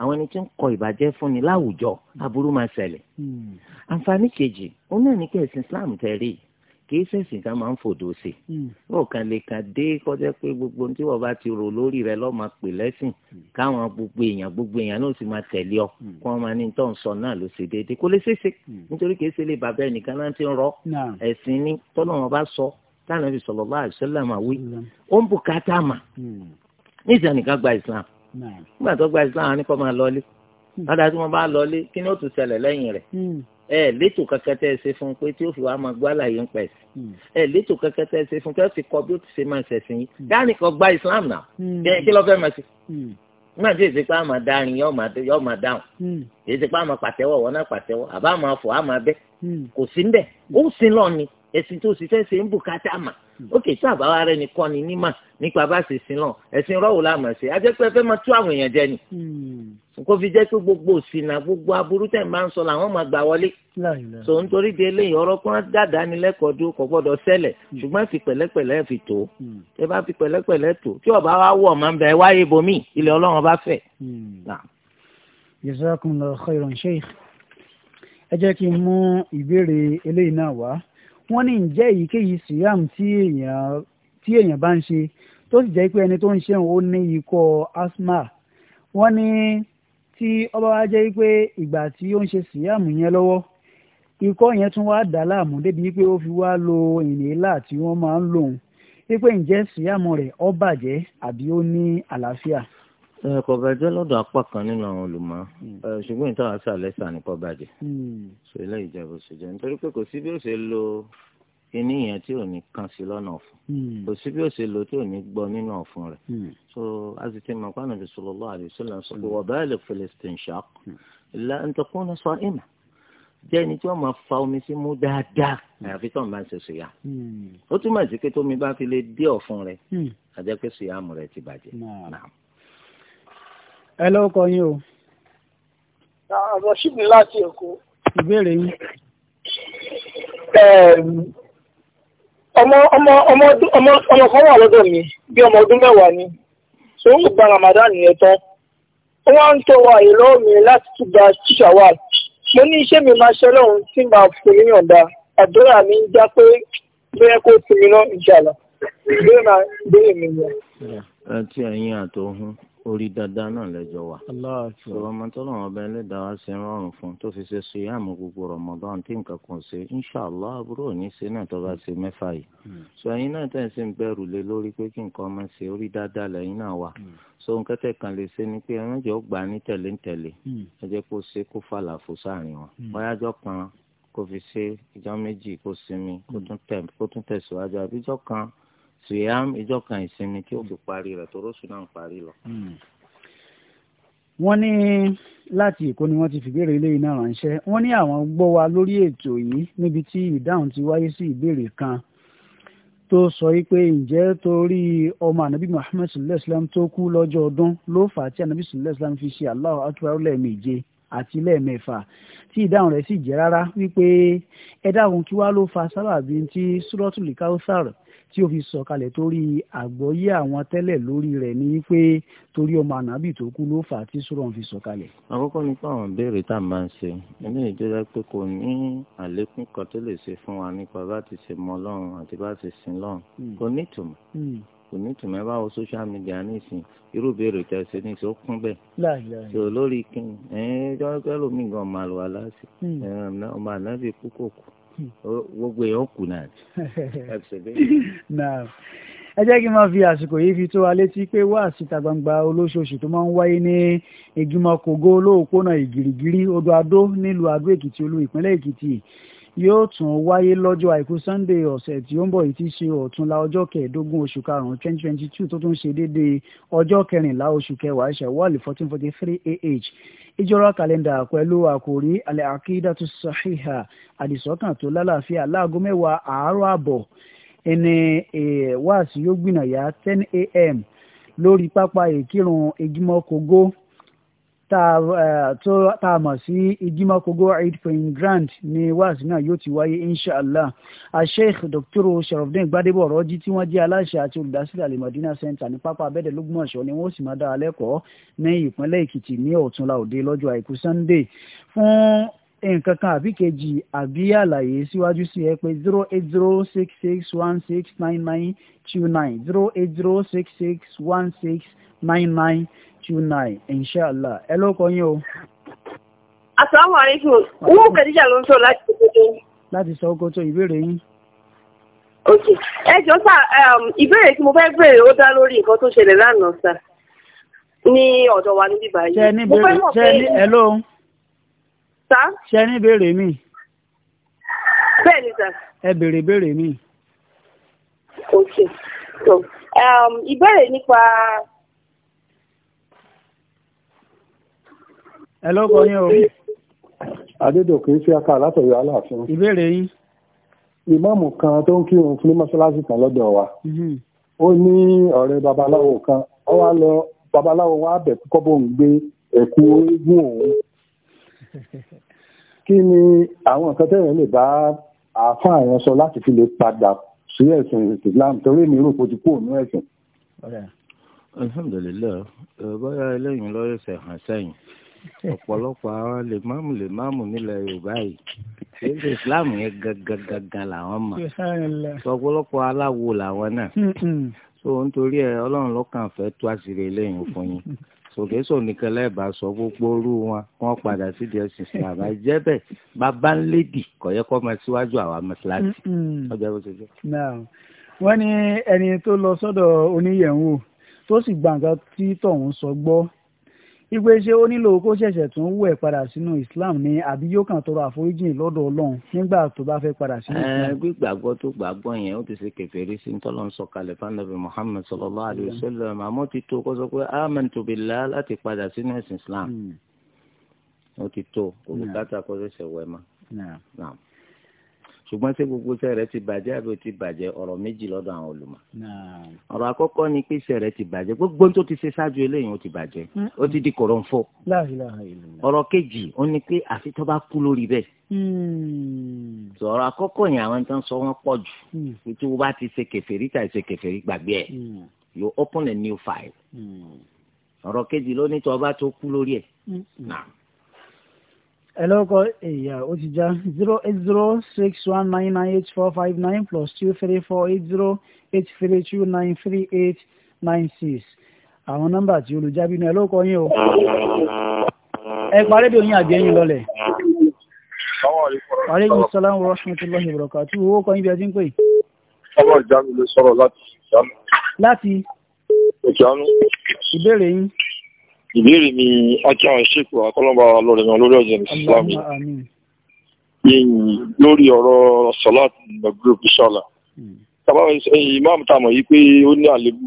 àwọn ẹni tí ń kọ ìbàjẹ́ fúnni láwùjọ aburú máa ṣẹlẹ̀. Hmm. àǹfààní kejì òun náà ní kí ẹ̀sìn Islam tẹ̀lé kìí ṣẹ̀sìn ká máa ń fòdò ṣe. yóò kàn lè kàn dé kọjá pé gbogbo tí wọ́n bá ti rò lórí rẹ̀ lọ́ọ́ máa pè lẹ́sìn hmm. káwọn gbogbo èèyàn gbogbo èèyàn náà sì máa tẹ̀lé ọ hmm. kí wọ́n máa ní tó ń sọ náà ló ṣe déédéé kó lè ṣeéṣe nítorí kìí ṣe lè bàbá ẹnìkan náà ti ń rọ ẹ̀sìn ni tọ́lọ́ wọn bá sọ táwọn ẹbí sọ̀rọ̀ bá àṣẹ làmà ó ń bùkátà mà níjà nìkan gba Islam nígbà tó gba islam ní kó máa lọlé ládàá hmm. tí wọ́n bá lọlé kí ni ó tún ṣẹlẹ̀ lẹ́yìn rẹ̀ hmm. ẹ létò kankan tẹ́ ẹ ṣe fún un pé tí ó fi wá máa gbọ́ àlàyé ń pẹ̀ sí hmm. ẹ létò kankan tẹ́ ẹ ṣe fún un kí wọ́n ti kọ bí ó ti ṣe máa ṣẹ̀sìn yìí dáàni kan gba islam náà kí ló fẹ́ máa ṣe nígbà tí èsì pé àmà dárin yóò máa dáhùn èsì pé àmà pàtẹ́wọ̀ wọn náà pàtẹ́wọ̀ àbá àmà fò àmà bẹ́ kò sí ń bẹ̀ ó sin lọ́ọ̀ ni ẹ̀sìn tó sì fẹ́ ṣe ń bùkátà mà ókè tí àbáwá rẹ nìkan ni nímà nípa bá ṣe sin náà ẹ̀sìn rọ́wò láàmà ṣe ajẹ́pẹ́ fẹ́ máa tú àwọn èèyàn jẹ ni hmm. kó fi jẹ́ pé gbogbo òsínà gbogbo aburú tẹ̀ máa ń sọ làwọn máa gbà wọlé so nítorí de eléyìí ọ̀rọ̀ kan dáadáa ní lẹ́kọ̀ọ́ dúró kò gbọ́dọ̀ ṣẹlẹ̀ hmm. ṣùgbọ́n fi pẹ̀lẹ́pẹ̀lẹ́ fi tó hmm. ẹ bá fi pẹ̀lẹ́pẹ̀lẹ́ tó tí ọba wa wọ̀ máa ń bẹ wáyé bomi ilẹ̀ ọlọ́run bá fẹ̀. jazakumullahu khairan sheikh ẹ jẹ́ kí n mú ìbéèrè eléyìí náà wá wọ́n ní ǹjẹ́ èyíkéyìí siam tí èèyàn bá ń ṣe tó sì jẹ́ pé ẹni tó ń ṣe ó ní ikọ́ asthma wọ́n ní tí ọba wa jẹ́ pé ìgbà tí ó ń ṣe siam yẹn lọ́wọ́ ikọ́ yẹn tún wá dà láàmú débi pé ó fi wá lo inhaler tí wọ́n máa ń lòun pípé ǹjẹ́ siam rẹ̀ ó bàjẹ́ àbí ó ní àlàáfíà kò eh, bàjẹ́ lọ́dọ̀ apá kan nínú àwọn olùmọ̀ hmm. eh, ṣùgbọ́n ìtàn àṣà lẹ́sà ní kò bàjẹ́ ṣe eléyìí jẹ́ bó ṣe jẹ́ nítorí pé kò sí bí ó ṣe lo kíní yẹn tí ò ní kan sí lọ́nà ọ̀fun hmm. kò sí bí ó ṣe lo tí ò ní gbọ́ nínú ọ̀fun rẹ̀ hmm. so a sì ti mọ̀ pé Ànábì sallallahu alaihi wasallam sọ pé wọ́n bẹ́ẹ̀ lè filistin ṣak ilà ń tọ́ kún sọ ìmọ̀ jẹ́ ẹni tí wọ́n máa fa omi sí mú dáadáa àyàfi tó ń bá ń ṣe sùyà ó túmọ̀ sí pé tómi bá fi lè dé ọ̀fun rẹ̀ àjẹpẹ́ sùyà mú rẹ̀ ti bàjẹ́ náà ẹ lọ́wọ́ kọ yín o. Rashid láti Èkó. ìbéèrè yín. ọmọ kan wà lọ́dọ̀ mi bí ọmọ ọdún mẹ́wàá ni tó ń gba Ramadan yẹn tán wọ́n ń tọrọ àyè lọ́wọ́ mi láti tún gba tíṣà wà mo ní iṣẹ́ mi máa ṣe lọ́hùn tí màá fún mi yọ̀ǹda àdúrà mi ń já pé bóyá kó tún mi náà ìjàlá bóyá mi yẹn. àti ẹ̀yin àtọ̀hún orí dáadáa náà lẹ́jọ́ wa. sọ̀rọ̀ ọmọ tó lọ́wọ́ ọba ẹlẹ́dàá wa ṣe rọrùn fún tó fi ṣe sùyàmù gbogbo rọmọdán tí nǹkan kan ṣe inṣàlá àbúrò òní ṣe náà tó bá ṣe mẹ́fà yìí. Hmm. sọ ẹ̀yin náà tẹ̀ ń ń bẹ̀rù lé lórí pé kí nǹkan ọmọ ṣe orí dáadáa lẹ́yìn náà wà. sọ nǹkan tẹ̀ kan lè ṣe ni pé ẹ mẹ́jọ gbà ní tẹ̀lé ń tẹ̀lé hmm. ẹ jẹ́ kó ṣe kó fàlàfo sáàrin wọn. Hmm. báyájọ́ kan kò fi ṣe ìjọ méjì kó sinmi kó siyam ìjọ kan ìsinmi tí ó fi parí rẹ̀ tó rọ́ṣù náà ń parí lọ. Hmm. wọ́n ní láti èkó ni wọ́n ti fìbéèrè ilé iná ránṣẹ́ wọ́n ní àwọn gbọ́ wa lórí ètò yìí níbi tí ìdáhùn ti wáyé sí ìbéèrè kan tó sọ pé ǹjẹ́ torí ọmọ ànábì muhammed sallallahu alayhi wa sallam tó kú lọ́jọ́ ọdún ló fà á tí ànábì sallallahu alayhi wa sallam fi ṣe Allahu akbar lẹ́ẹ̀méje àti lẹ́ẹ̀mẹ́fà tí ìdáhùn rẹ̀ sì jẹ́ rárá wípé ẹ dáhùn kí wá ló fa sábàbí tí suratul Kawthar tí ó fi sọ̀kalẹ̀ torí àgbọ́yé àwọn tẹ́lẹ̀ lórí rẹ̀ ni pé torí ọmọ ànábì tó kú ló fà á tí sùrọ̀ fi sọ̀kalẹ̀. àkọ́kọ́ ni pé àwọn béèrè tá a máa ń ṣe ilé ìjọba pé kò ní àlékún kan tó lè ṣe fún wa nípa bá ti ṣe mọ ọlọ́run àti bá ti sin lọ́run hmm. kò ní ìtumọ̀ hmm. kò ní ìtumọ̀ ẹ bá wo social media nísìn irú béèrè tẹ ṣe ní ṣe kún bẹ́ẹ̀ ṣe olórí kí ẹ jọ́ pẹ́ gan hmm. ọmọ àlùwàlá sí gbogbo èèyàn kù náà. ẹ jẹ́ kí n máa fi àsìkò yìí fi tó wa létí pé wáàsí ìta gbangba olóṣooṣù tó máa ń wáyé ní ìgbìmọ̀kògó olóòpónà ìgìrìgìrì odò adó nílùú adó èkìtì olú ìpínlẹ̀ èkìtì yóò tún wáyé lọ́jọ́ àìkú sunday ọ̀sẹ̀ tí ó ń bọ̀ yìí ti ṣe ọ̀túnla ọjọ́ kẹẹ̀ẹ́dógún oṣù karùn-ún twenty twenty two tó tún ṣe déédéé ọjọ́ kẹrìnlá oṣù kẹwàá ṣẹ̀wọ́ọ̀lì fourteen forty three ah ìjọra kalenda pẹ̀lú àkòrí alẹ́ àkídàtú sàhíhà àdìsọ́kàn tó lálàáfíà láago mẹ́wàá àárọ̀ àbọ̀ ẹni wáàsí yóò ya ten a.m. lórí pápá ìkírun ejimọ́ kogo tá tá a mọ̀ sí igima kogo eid point grand ní wáàsí náà yóò ti wáyé inshallah asheikh dr sharafdin gbadebo ọ̀rọ̀jì tí wọ́n jẹ́ aláṣẹ àti olùdásílẹ̀ alimadina center ní pápá abẹ́dẹ̀ lógúnmọ̀ṣọ́ ni wọ́n sì máa dá a lẹ́kọ̀ọ́ ní ìpínlẹ̀ èkìtì ní ọ̀túnla òde lọ́jọ́ àìkú sunday fún nǹkan kan àbí kejì àbí àlàyé síwájú sí ẹ pé zero eight zero six six one six nine nine two nine zero eight zero six six one six nine nine two nine inshallah ẹ ló kọ yín o. asalaamu aleykum owó kẹdíjà ló ń sọ láti ṣòkòtò. láti ṣòkòtò ìbéèrè yín. ok ẹ jọ sá um, ìbéèrè tí mo fẹ́ béèrè ó dá lórí nǹkan tó ṣẹlẹ̀ lánàá sá ní ọ̀dọ̀ wa níbí báyìí. ṣe ní béèrè ṣe ní ẹ ló ń. sá. mi. bẹ́ẹ̀ ni sá. ẹ béèrè béèrè mi. ok so um, ìbéèrè nípa. Um, ẹ lọ́kọ yín o. adédọ̀kẹ́ sí aka látọ̀yọ̀ aláàfin. ìbéèrè yín. ìmáàmù kan tó ń kírun fún mọ́ṣáláṣí kan lọ́dọ̀ wa mhm. ó ní ọ̀rẹ́ babaláwo kan ó wá lọ babaláwo wa bẹ̀ kọ́ bó ń gbé ẹ̀kú eégún òun kí ni àwọn nǹkan tẹ̀yìn lè bá àáfàá yẹn sọ láti fi lè padà sí ẹ̀sìn Islam torí mi rò kó ti kú òun ẹ̀sìn. alhamdulilayi bóyá eléyìí lọ́yẹ̀sẹ̀ hàn sẹ́yìn ọ̀pọ̀lọpọ̀ àwọn lèmáàmù lèmáàmù nílẹ̀ yorùbá yìí ṣéṣe islam yẹn gangan làwọn mọ̀ ọ̀pọ̀lọpọ̀ aláwo làwọn náà so nítorí ẹ ọlọ́run lọ́kàn fẹ́ tú àṣírí eléyìí fún yín sòkèsò nìkan lẹ́ẹ̀bà sọ gbogbo orú wọn wọn padà sí di ẹsìn islam àìjẹ́ bẹ́ẹ̀ bàbá ńlẹ́dì kọ̀yẹ́kọ́ máa síwájú àwa mẹ́sàlásì ọjọ́ bó ṣe jẹ́. wọ́n ní ẹni tó lọ sọ́dọ̀ oníyẹ̀wò tó sì gbàǹkan tí tọ̀hún sọ gbọ́ ìgbé ṣe ó nílò kó ṣẹ̀ṣẹ̀ tún wẹ̀ padà sínú Islam ni àbí yóò kàn tọrọ àforíjì lọ́dọ̀ Ọlọ́run nígbà tó bá fẹ́ padà sínú Islam. ẹ gbígbàgbọ́ tó gbàgbọ́ yẹn ó ti ṣe kèfèrí sí tọ́lọ́ ń sọ fanabi Muhammad sallallahu alayhi wa sallam àmọ́ ti tó kó sọ pé amantu billah láti padà sínú ẹ̀sìn Islam hmm. ó ti tó kò hmm. bùkátà kó ṣẹ̀ṣẹ̀ wẹ̀ ṣùgbọ́n ṣé gbogbo sẹ̀rẹ̀ ti bàjẹ́ àbí o ti bàjẹ́ ọ̀rọ̀ méjì lọ́dọ̀ àwọn olùmọ̀. ọ̀rọ̀ àkọ́kọ́ ni pé sẹ̀rẹ̀ ti bàjẹ́ gbogbo tó ti ṣe ṣáájú eléyìí ó ti bàjẹ́ ó ti di kòròǹfò. ọ̀rọ̀ kejì ó ní pé àfi tó bá kú lórí bẹ́ẹ̀. Hmm. sọ̀rọ̀ àkọ́kọ́ yẹn àwọn tó ń sọ wọ́n pọ̀ jù hmm. pé tí wọ́n bá ti ṣe kèfèrí tàì ṣe kèfèrí gbàgbé hmm. you open a new file. ọ̀rọ̀ kejì ló ní tó bá tó kú ẹ̀. Hello, lọ́kọ̀ Yeah, what's ti já zero eight zero six one nine nine eight four five nine plus two three four eight zero eight three two nine three eight nine six àwọn nọ́mbà tí olùjábí náà ẹ lọ́kọ̀ yín o ẹ parí bí oyin àgbẹ̀yìn lọlẹ̀. aleykum salaam wa rahmatulahi wa barakatu owó kan ibi ẹtí ń pè. ọmọ ìjánu lè sọ̀rọ̀ láti ìjánu. láti. ìjánu. ìbéèrè yín ìbéèrè mi ọjà ìṣèkù àkọlọ́mbà lọ́rẹ̀ náà lórí ọ̀jẹ̀ ìsìlámì yìnyín lórí ọ̀rọ̀ sọ́láàtì group ìṣọ́lá tàbá imam tamọ̀ yìí pé ó ní àlébù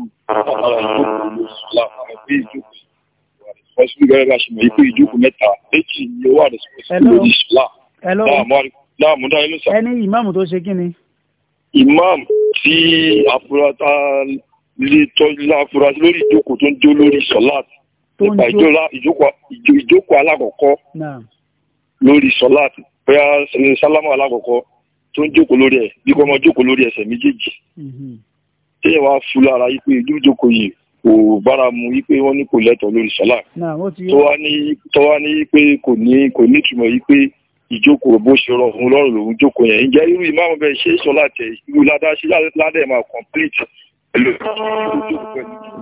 ìjókòó ẹni imam tó ṣe kí ni. imam tí afurata lè tọ́jú afurasí lórí ìjókòó tó ń dó lórí sọ́láàtì nípa ìjókòó alákọ̀ọ́kọ́ lórí sọláàtì bóyá sálámù alákọ̀ọ́kọ́ tó ń jókòó lórí ẹ̀ bí kò mọ jókòó lórí ẹsẹ̀ méjèèjì mm-hmm. téèyàn wá fún lára yí pé ojú ìjókòó yìí kò bára mu yí pé wọ́n ní kò lẹ́tọ̀ọ́ lórí sọlá tó wá ní pé kò ní kò ní ìtumọ̀ yí pé ìjókòó bó ṣe rọ òun lọ́rùn lòun jókòó yẹn ǹjẹ́ irú ìmáàmù bẹ́ẹ̀ ṣe é irú ládàá ṣe ládàá ẹ̀ máa complete pẹ̀lú ìjókòó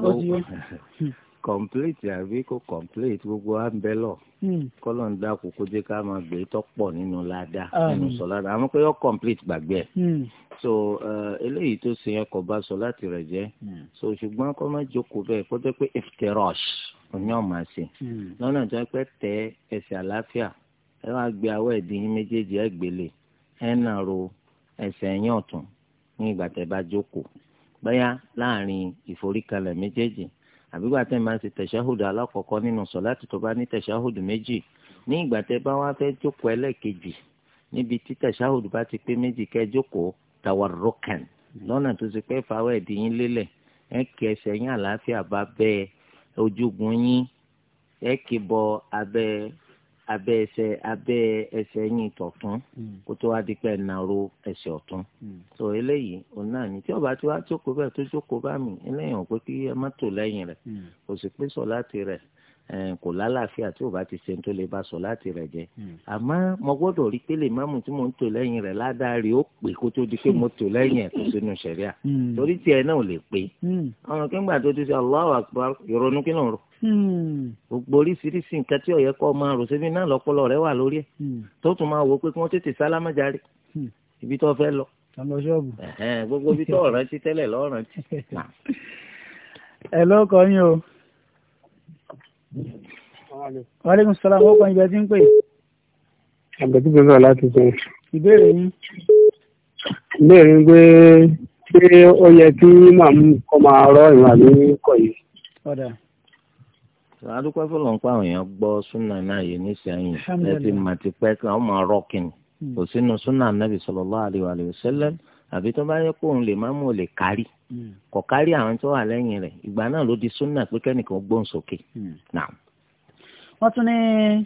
pẹ̀lú complete àbí kò complete gbogbo à ń bẹ lọ hmm. kọlọ ń dákú kó jẹ ká máa gbé tọpọ nínú ládàá nínú sọ ládàá àmọ́ pé yọ complete gbàgbé hmm. so eh, eléyìí tó ṣe yẹn kò bá sọ láti rẹ jẹ hmm. so ṣùgbọ́n kó má jókòó bẹ́ẹ̀ kó jẹ pé iftirash òyìn ọmọ àṣẹ lọ́nà tó ń pẹ tẹ ẹsẹ̀ àlàáfíà ẹ wá gbé awọ ẹdín méjèèjì ẹ gbélé ẹ nà ro ẹsẹ̀ ẹ̀yìn ọ̀tún ní ìgbà tẹ àbígbà tẹ́ máa ń ṣe tẹ̀ṣáhùdù alákọ̀ọ́kọ́ nínú sọ̀láàtì tó bá ní tẹ̀ṣáhùdù méjì ní ìgbà tẹ́ bá wá fẹ́ jókòó ẹlẹ́ẹ̀kejì níbi tí tẹ̀ṣáhùdù bá ti pé méjì kẹ́ jókòó tawarrukan lọ́nà tó ti pẹ́ fàwọ́ ẹ̀dín yín lélẹ̀ ẹ kì ẹsẹ̀ yín àlàáfíà bá bẹ́ ojúgun yín ẹ kì bọ abẹ́ abẹ́ ẹsẹ̀ abẹ́ ẹsẹ̀ yín tọ̀tún hmm. kó tó wá di pé nàró ẹsẹ̀ ọ̀tún tó hmm. eléyìí òun náà ní tí ọba tí wàá jókòó bẹ́ẹ̀ tó jókòó bá mi eléyìí ò pé kí ẹ má tò lẹ́yìn rẹ̀ hmm. kò sì pé sọ láti rẹ̀ kò lálàáfíà tí ò bá ti ṣe tó lè ba sọ láti rẹ̀ jẹ́ hmm. àmọ́ mo gbọ́dọ̀ rí pé lè máàmù tí mo ń tò lẹ́yìn rẹ̀ ládàá rí ó pè kó tó di pé mo tò lẹ́yìn ẹ̀ kó sínú sẹ̀ríà hmm. torí tiẹ̀ náà ò lè pé hmm. ọ̀nà kí n gbà tó ti sọ Allahu Akbar ìrònú kí ló ń rò gbogbo oríṣiríṣi nǹkan tí ó yẹ kó máa rò síbi náà lọ́pọlọ rẹ̀ wà lórí ẹ̀ tó tún máa wò pé kí wọ́n tètè sálámà járe ibi tó fẹ́ lọ gbogbo ibi tó ọ̀rántí tẹ́lẹ̀ lọ́ọ̀rántí. ẹ lọ́kọ̀ wàlẹ́kùn sọ́lá wọ́n kàn jẹ́ tí ń pè. àgbẹ̀tí bẹ́ẹ̀ láti sọ. ìbéèrè yín. ìbéèrè ń gbé ṣé ó yẹ kí màmú kọ́ máa rọ ìrìn yìí. ọ̀dà. àdúpẹ́ àwọn èèyàn gbọ́ súnà náà yìí nísìnyìí ẹ ti pẹ́ kí wọ́n máa rọ́ kìnnì hmm. kò sínú àbí tó bá yẹ kó òun lè máa mú un lè kárí hmm. kò kárí àwọn tó wà lẹ́yìn rẹ̀ ìgbà náà ló di súnà pé kẹ́nìkan gbóhùn sókè hmm. náà. wọ́n tún ní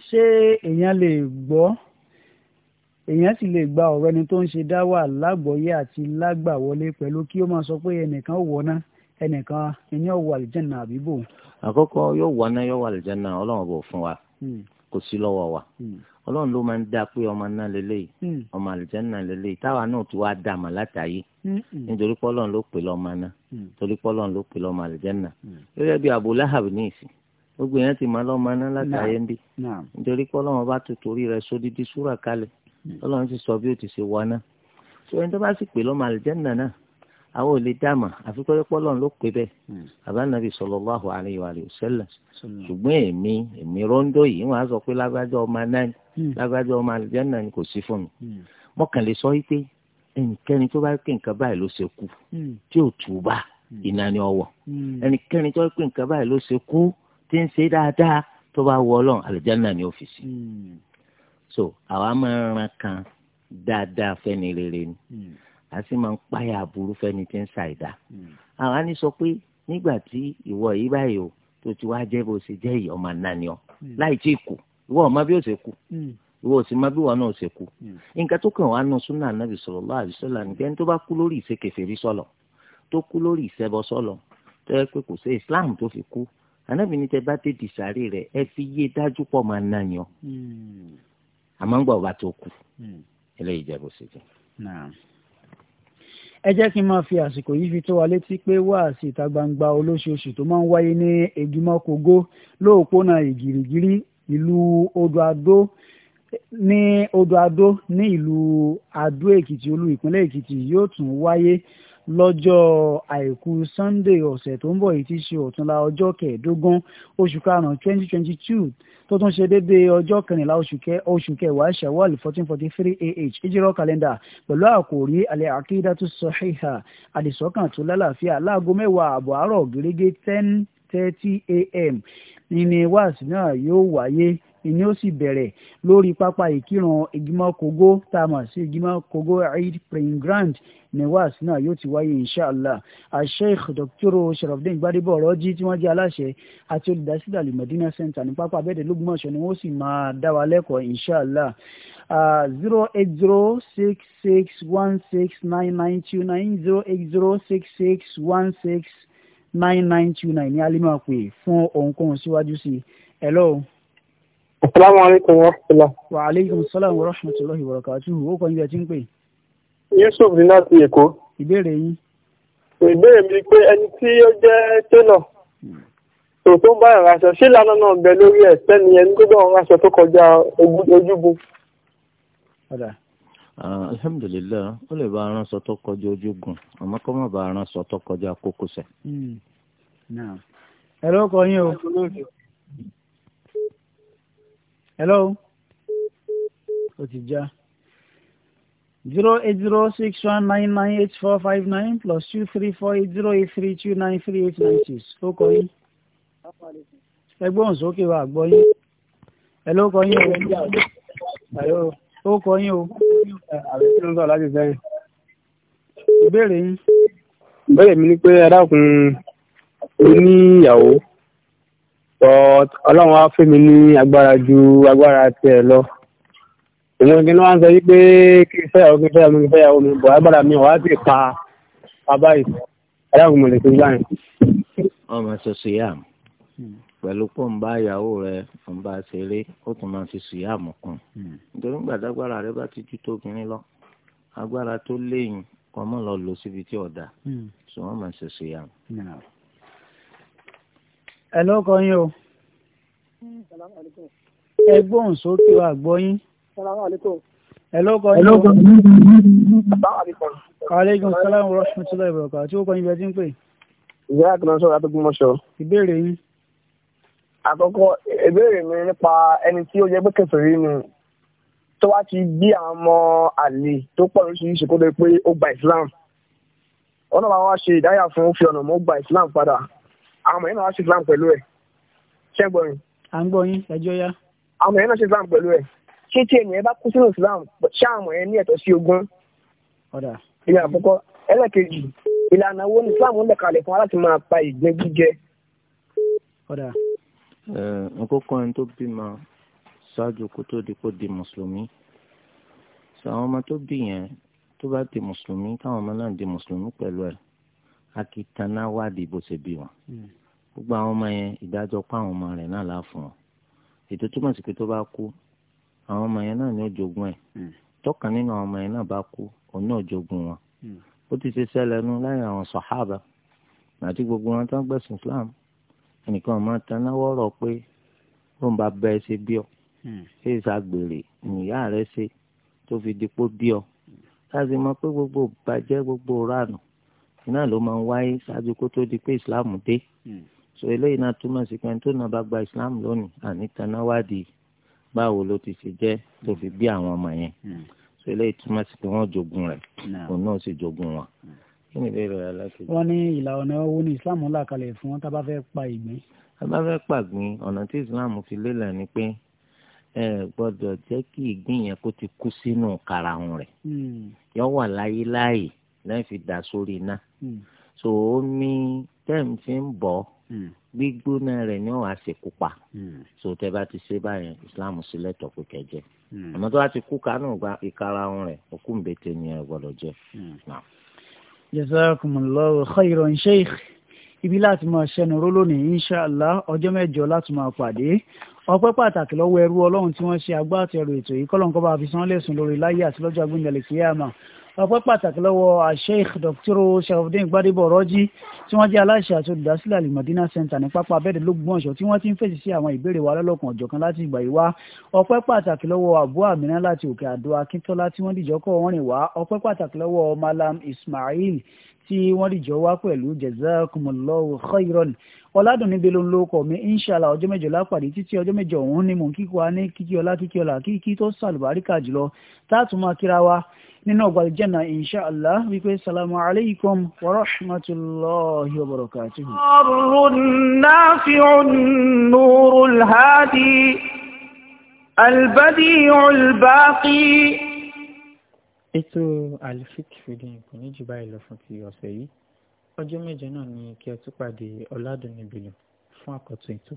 ṣé èèyàn lè gbọ́ èèyàn sì lè gba ọ̀rọ̀ ẹni tó ń ṣe dá wà lágbọ̀ọ́yé àti lágbàwọlé pẹ̀lú kí ó máa sọ pé ẹnìkan ò wọ́ná ẹnìkan ẹni ò wà àbí bò. àkọ́kọ́ yóò wọ́ná yóò wà àlùjànnà ọlọ́run bò fún wa hmm. kò sí lọ́wọ́ wa ọlọ́run ló máa ń dá pé ọmọ náà lélẹ́yìí hmm. ọmọ àlùjánnà lélẹ́yìí táwa náà ti wá dà mà látàyè nítorí pọ́lọ́run ló pè lọ́mọ náà hmm. torí pọ́lọ́run ló pè lọ́mọ àlùjánnà hmm. gẹ́gẹ́ bí Abu ní ìsìn gbogbo yẹn ti máa lọ́mọ náà látàyè ń bí nítorí pọ́lọ́run bá tutorí rẹ̀ sódìdí súrà kalẹ̀ ọlọ́run ti sọ bí ó ti ṣe wọ náà ṣùgbọ́n tó bá sì pè lọ́mọ àlùjánnà náà àwọn ò lè dàmà àfi pé pọ́lọ́n ló pè bẹ́ẹ̀ hmm. àbánabi sallallahu alaihi wa sallam ṣùgbọ́n èmi èmi rọ́ńdó yìí wọ́n á sọ pé lágbájá ọmọ náà hmm. lágbájá ọmọ àlùjáná ni kò sí fún mi mọ́kànlé hmm. sọ wípé ẹnikẹ́ni tó bá pè nǹkan báyìí ló ṣe kú tí ò tù bá iná ni ọwọ́ ẹnikẹ́ni tó pè nǹkan báyìí ló ṣe kú tí ń ṣe dáadáa tó bá ni ó so àwa máa ń ran a sì máa ń páyà aburú fẹ́ni tí ń sa ìdá. Hmm. àwa ní sọ pé nígbà tí ìwọ yìí báyìí o tó ti wá jẹ́ bó ṣe jẹ́ yìí ọmọ nani ọ hmm. láì tí ì kù ìwọ ọmọ bí ó ṣe kù hmm. ìwọ òsì má bí wọn náà ṣe kù. nǹkan tó kàn wá nù súnà anábì sallallahu alaihi wasallam nìkẹ́ni tó bá kú lórí ìṣekèfèrí sọ̀lọ̀ tó kú lórí ìṣẹ́bọ sọ̀lọ̀ tó yẹ pé kò sí Islam tó fi kú anábì ní tẹ bá tètè sáré rẹ ẹ fi yé dájú pọ̀ máa nani ọ àmọ́ ń gbà ọba tó kù eléyìí jẹ́ bó ṣe jẹ́ ẹ jẹ́ kí n máa fi àsìkò yìí fi tó wa létí pé wáàsí ìta gbangba olóṣooṣù tó máa ń wáyé ní egimokogo lóòpónà ìgìrìgìrì ìlú odò adó ní odò adó ní ìlú adó èkìtì olú ìpínlẹ̀ èkìtì yóò tún wáyé lọ́jọ́ àìkú sunday ọ̀sẹ̀ tó ń bọ̀ yìí ti ṣe ọ̀túnla ọjọ́ kẹẹ̀ẹ́dógún oṣù karùn-ún twenty twenty two tó tún ṣe déédéé ọjọ́ kẹrìnlá oṣù kẹwàá shawwal fourteen forty three ah ìjírọ̀ kàlẹ́ndà pẹ̀lú àkòrí alẹ́ àkídàtú sọ̀híhà àdìsọ́kàn tó lálàáfíà láago mẹ́wàá àbọ̀ àárọ̀ gẹ́gẹ́ ten thirty am nínú wáàsí náà yóò wáyé ìní ó sì bẹ̀rẹ̀ lórí pápá ìkírun ìgbìmọ̀ kogo tá a mọ̀ sí ìgbìmọ̀ kogo eid praying ground ní wáàsí náà yóò ti wáyé inshàlá Sheikh Dr. sharafdin gbadebo ọ̀rọ̀jì tí wọ́n jẹ́ aláṣẹ àti olùdásílẹ̀ alimọ̀dínà center ní pápá abẹ́ẹ̀dẹ̀ lógúnmọ̀ṣọ́ ni wọ́n sì máa dá wa lẹ́kọ̀ọ́ inshàlá zero eight zero six six one six nine nine two nine zero eight zero six six one six nine nine two nine ni alimọ̀ pé fún ohunkóhun síwájú sí i hello. Assalamu alaykum wa rahmatullah. Wa alaikum salam wa rahmatullahi wa barakatuhu. Ó kọ́ ibi ẹ̀tí ń pè. Yusuf ní láti Èkó. Ìbéèrè yín. Ìbéèrè mi pé ẹni tí ó jẹ́ tẹ́nà. Tò tó ń bá ìrìn aṣọ, ṣé ìlànà náà bẹ lórí ẹ̀ sẹ́ni ẹni tó bá ìrìn aṣọ tó kọjá ojúbu? Alhamdulillah, ó lè bá aránṣọ tó kọjá ojúgun, àmọ́ kó má bá aránṣọ tó kọjá kókósẹ̀. Ẹ̀rọ hmm. kọ yín o hello ó ti já zero eight zero six one nine nine eight four five nine plus two three four eight zero eight three two nine three eight nine six ó kọ yín. ẹ gbóhùn sókè wa àgbọ́ yín. ẹ ló kọ yín o. ó kọ yín o. àbẹ̀ tí ló ń ìbéèrè yín. ìbéèrè mi ni pé ẹ dákun ní ìyàwó but ọlọ́run á fún mi ní agbára ju agbára tiẹ̀ lọ ìwọ̀n kí ni wọ́n á sọ wípé kí n fẹ́yàwó kí n fẹ́yàwó kí n fẹ́yàwó mi bọ̀ agbára mi wàá sì pa bàbá yìí aláàgùn mọ̀lẹ́ tó gbà yẹn. ọmọ sọ sùyàmù pẹ̀lú pọ̀ ń bá ìyàwó rẹ ń bá ṣeré ó tún máa fi sùyàmù kún nítorí gbàdágbára rẹ bá ti ju tóbìnrin lọ agbára tó léyìn kọ́mọ́ lọ lọ síbi tí ọ̀dà hmm. sọ wọ́n máa ṣe sùyàmù. Hmm ẹ lọ́kọ yín o. ẹ gbóhùn sókè àgbọ́ yín. ẹ lọ́kọ yín o. aleykum salaam wa rahmatulahi wa barakatuh tí ó kọ́ yín bí ẹ ti ń pè. ìyá àkànná sọ̀rọ̀ àtọ́gbọ́mọṣọ. ìbéèrè yín. àkọ́kọ́ ìbéèrè mi nípa ẹni tí ó jẹ́ pé kèfèrí ni tó wá ti bí àwọn ọmọ àlè tó pọ̀ lóṣìṣì kó lè pé ó gba Islam ọ̀nà bá wá ṣe ìdáyà fún ó fi ọ̀nà mọ́ gba Islam padà àwọn ọmọ yẹn náà wá ṣe Islam pẹ̀lú ẹ̀ ṣé ń gbọ́ yín. à ń gbọ́ yín ẹjọ́ yá. àwọn ọmọ yẹn náà ṣe Islam pẹ̀lú ẹ̀ ṣé tí ènìyàn bá kú sínú Islam ṣé àwọn ọmọ yẹn ní ẹ̀tọ́ sí ogún. ọ̀dà. ìyá àkọ́kọ́ ẹlẹ́kejì ìlànà wo ni Islam ń lẹ̀ kalẹ̀ fún wa láti máa pa ìgbín jíjẹ. ọ̀dà. ẹ àkọ́kọ́ ẹni tó bímọ ṣáájú kó tó di kó di mùsùlùmí sọ àwọn ọmọ tó bí yẹn tó bá di mùsùlùmí káwọn ọmọ náà di mùsùlùmí pẹ̀lú ẹ̀ akitana wádìí bó ṣe bí wọn hmm. gbogbo àwọn ọmọ yẹn ìdájọ́ pa àwọn ọmọ rẹ̀ náà la fún ọ ètò túmọ̀ sí pé tó bá kú àwọn ọmọ yẹn náà ní òjògùn ẹ̀ hmm. tọ́kàn nínú àwọn ọmọ yẹn náà bá kú òun náà òjògùn wọn hmm. ó ti ṣe ṣẹlẹ̀ nu láyé àwọn sàhábà àti gbogbo wọn tó ń gbẹ̀sìn Islam ẹnìkan ọmọ taná wọ́rọ̀ pé ó ń bá bẹ́ ẹ ṣe bí ọ ṣé ìṣàgbèrè ìyá rẹ ṣe tó fi dípò bí ọ láti mọ pé gbogbo bàjẹ́ gbogbo ránù iná ló máa ń wáyé ṣáájú kó tó di pé islam dé hmm. so eléyìí náà túmọ̀ sí pé tó náà bá gba islam lónìí àní tanáwádìí báwo ló ti ṣe jẹ́ tó fi bí àwọn ọmọ yẹn hmm. so eléyìí túmọ̀ sí pé wọ́n jogun rẹ̀ òun náà sì jogun wọn. Hmm. kí ni ìbéèrè rẹ alákejì. wọ́n ní ìlà ọ̀nà owó ní islam là kalẹ̀ fún tá a bá fẹ́ pa ìgbín. a bá fẹ́ pàgbín ọ̀nà tí islam fi lélẹ̀ ni pé ẹ gbọ́dọ̀ jẹ́ kí ìgbín yẹn kó ti kú sínú karahun rẹ̀ yọ náà fi dà sórí iná hmm. so omi tẹ́ẹ̀m ti ń bọ̀ hmm. gbígbóná rẹ̀ ni wọ́n á ṣe kú pa hmm. so tẹ́ bá ti ṣe báyẹn islam sílẹ̀ tọ̀ pé kẹjẹ àmọ́ tó bá ti kú kánú gba ìkarahun rẹ̀ òkú ń bẹ́tẹ̀ ni ẹ gbọ́dọ̀ jẹ. jazakumullahu khairan sheikh ibi láti máa ṣẹnu ró lónìí inshàlá ọjọ́ mẹ́jọ láti máa pàdé ọpẹ́ pàtàkì lọ́wọ́ ẹrú ọlọ́run tí wọ́n ṣe agbátẹrù ètò yìí kọ́lọ́nkọ́ bá fi san lẹ́sùn lórí láyé àti lọ́jọ́ agbóńdẹ̀lẹ̀ kíyàmá ọpẹ́ pàtàkì lọ́wọ́ Sheikh Dr. Sharafdin Gbadebo Rọ́jí tí wọ́n jẹ́ aláṣẹ àti olùdásílẹ̀ alimọ̀dínà center ní pápá abẹ́rẹ́ lógúnmọ̀ṣọ́ tí wọ́n ti ń fèsì sí àwọn ìbéèrè wa lọ́lọ́kan ọ̀jọ̀kan láti ìgbà yìí wá ọpẹ́ pàtàkì lọ́wọ́ Abu Amina láti òkè àdó Akíntọ́lá tí wọ́n dìjọ́ kọ́ wọ́n rìn wá ọpẹ́ pàtàkì lọ́wọ́ Malam Ismail tí wọ́n dìjọ́ wá pẹ̀lú jazakumullahu khairan ọ̀làdùnní bẹ́ẹ̀ ló ń lo ọkọ̀ mi inshallah ọjọ́ mẹ́jọ lápàdé títí ọjọ́ mẹ́jọ òun ni mò ń kíkọ́ wa ní kíkí ọlá kíkí ọlá kíkí tó sàlùbáríkà jùlọ táàtúmọ̀ kíra wa nínú ọgbà ìjẹ́nà inṣàlá wípé salamu alaikum wa rahmatullahi wa barakatuhu. ọrùn náà fi nùrù hadi albadi olbaki. ètò alifik fìdí nǹkan ní jù báyìí fún ti ọ̀sẹ̀ yìí ọjọ́ méje náà ni kí ẹ tún pàdé ọ̀làdùn níbìlù fún àkọ́tún ètò.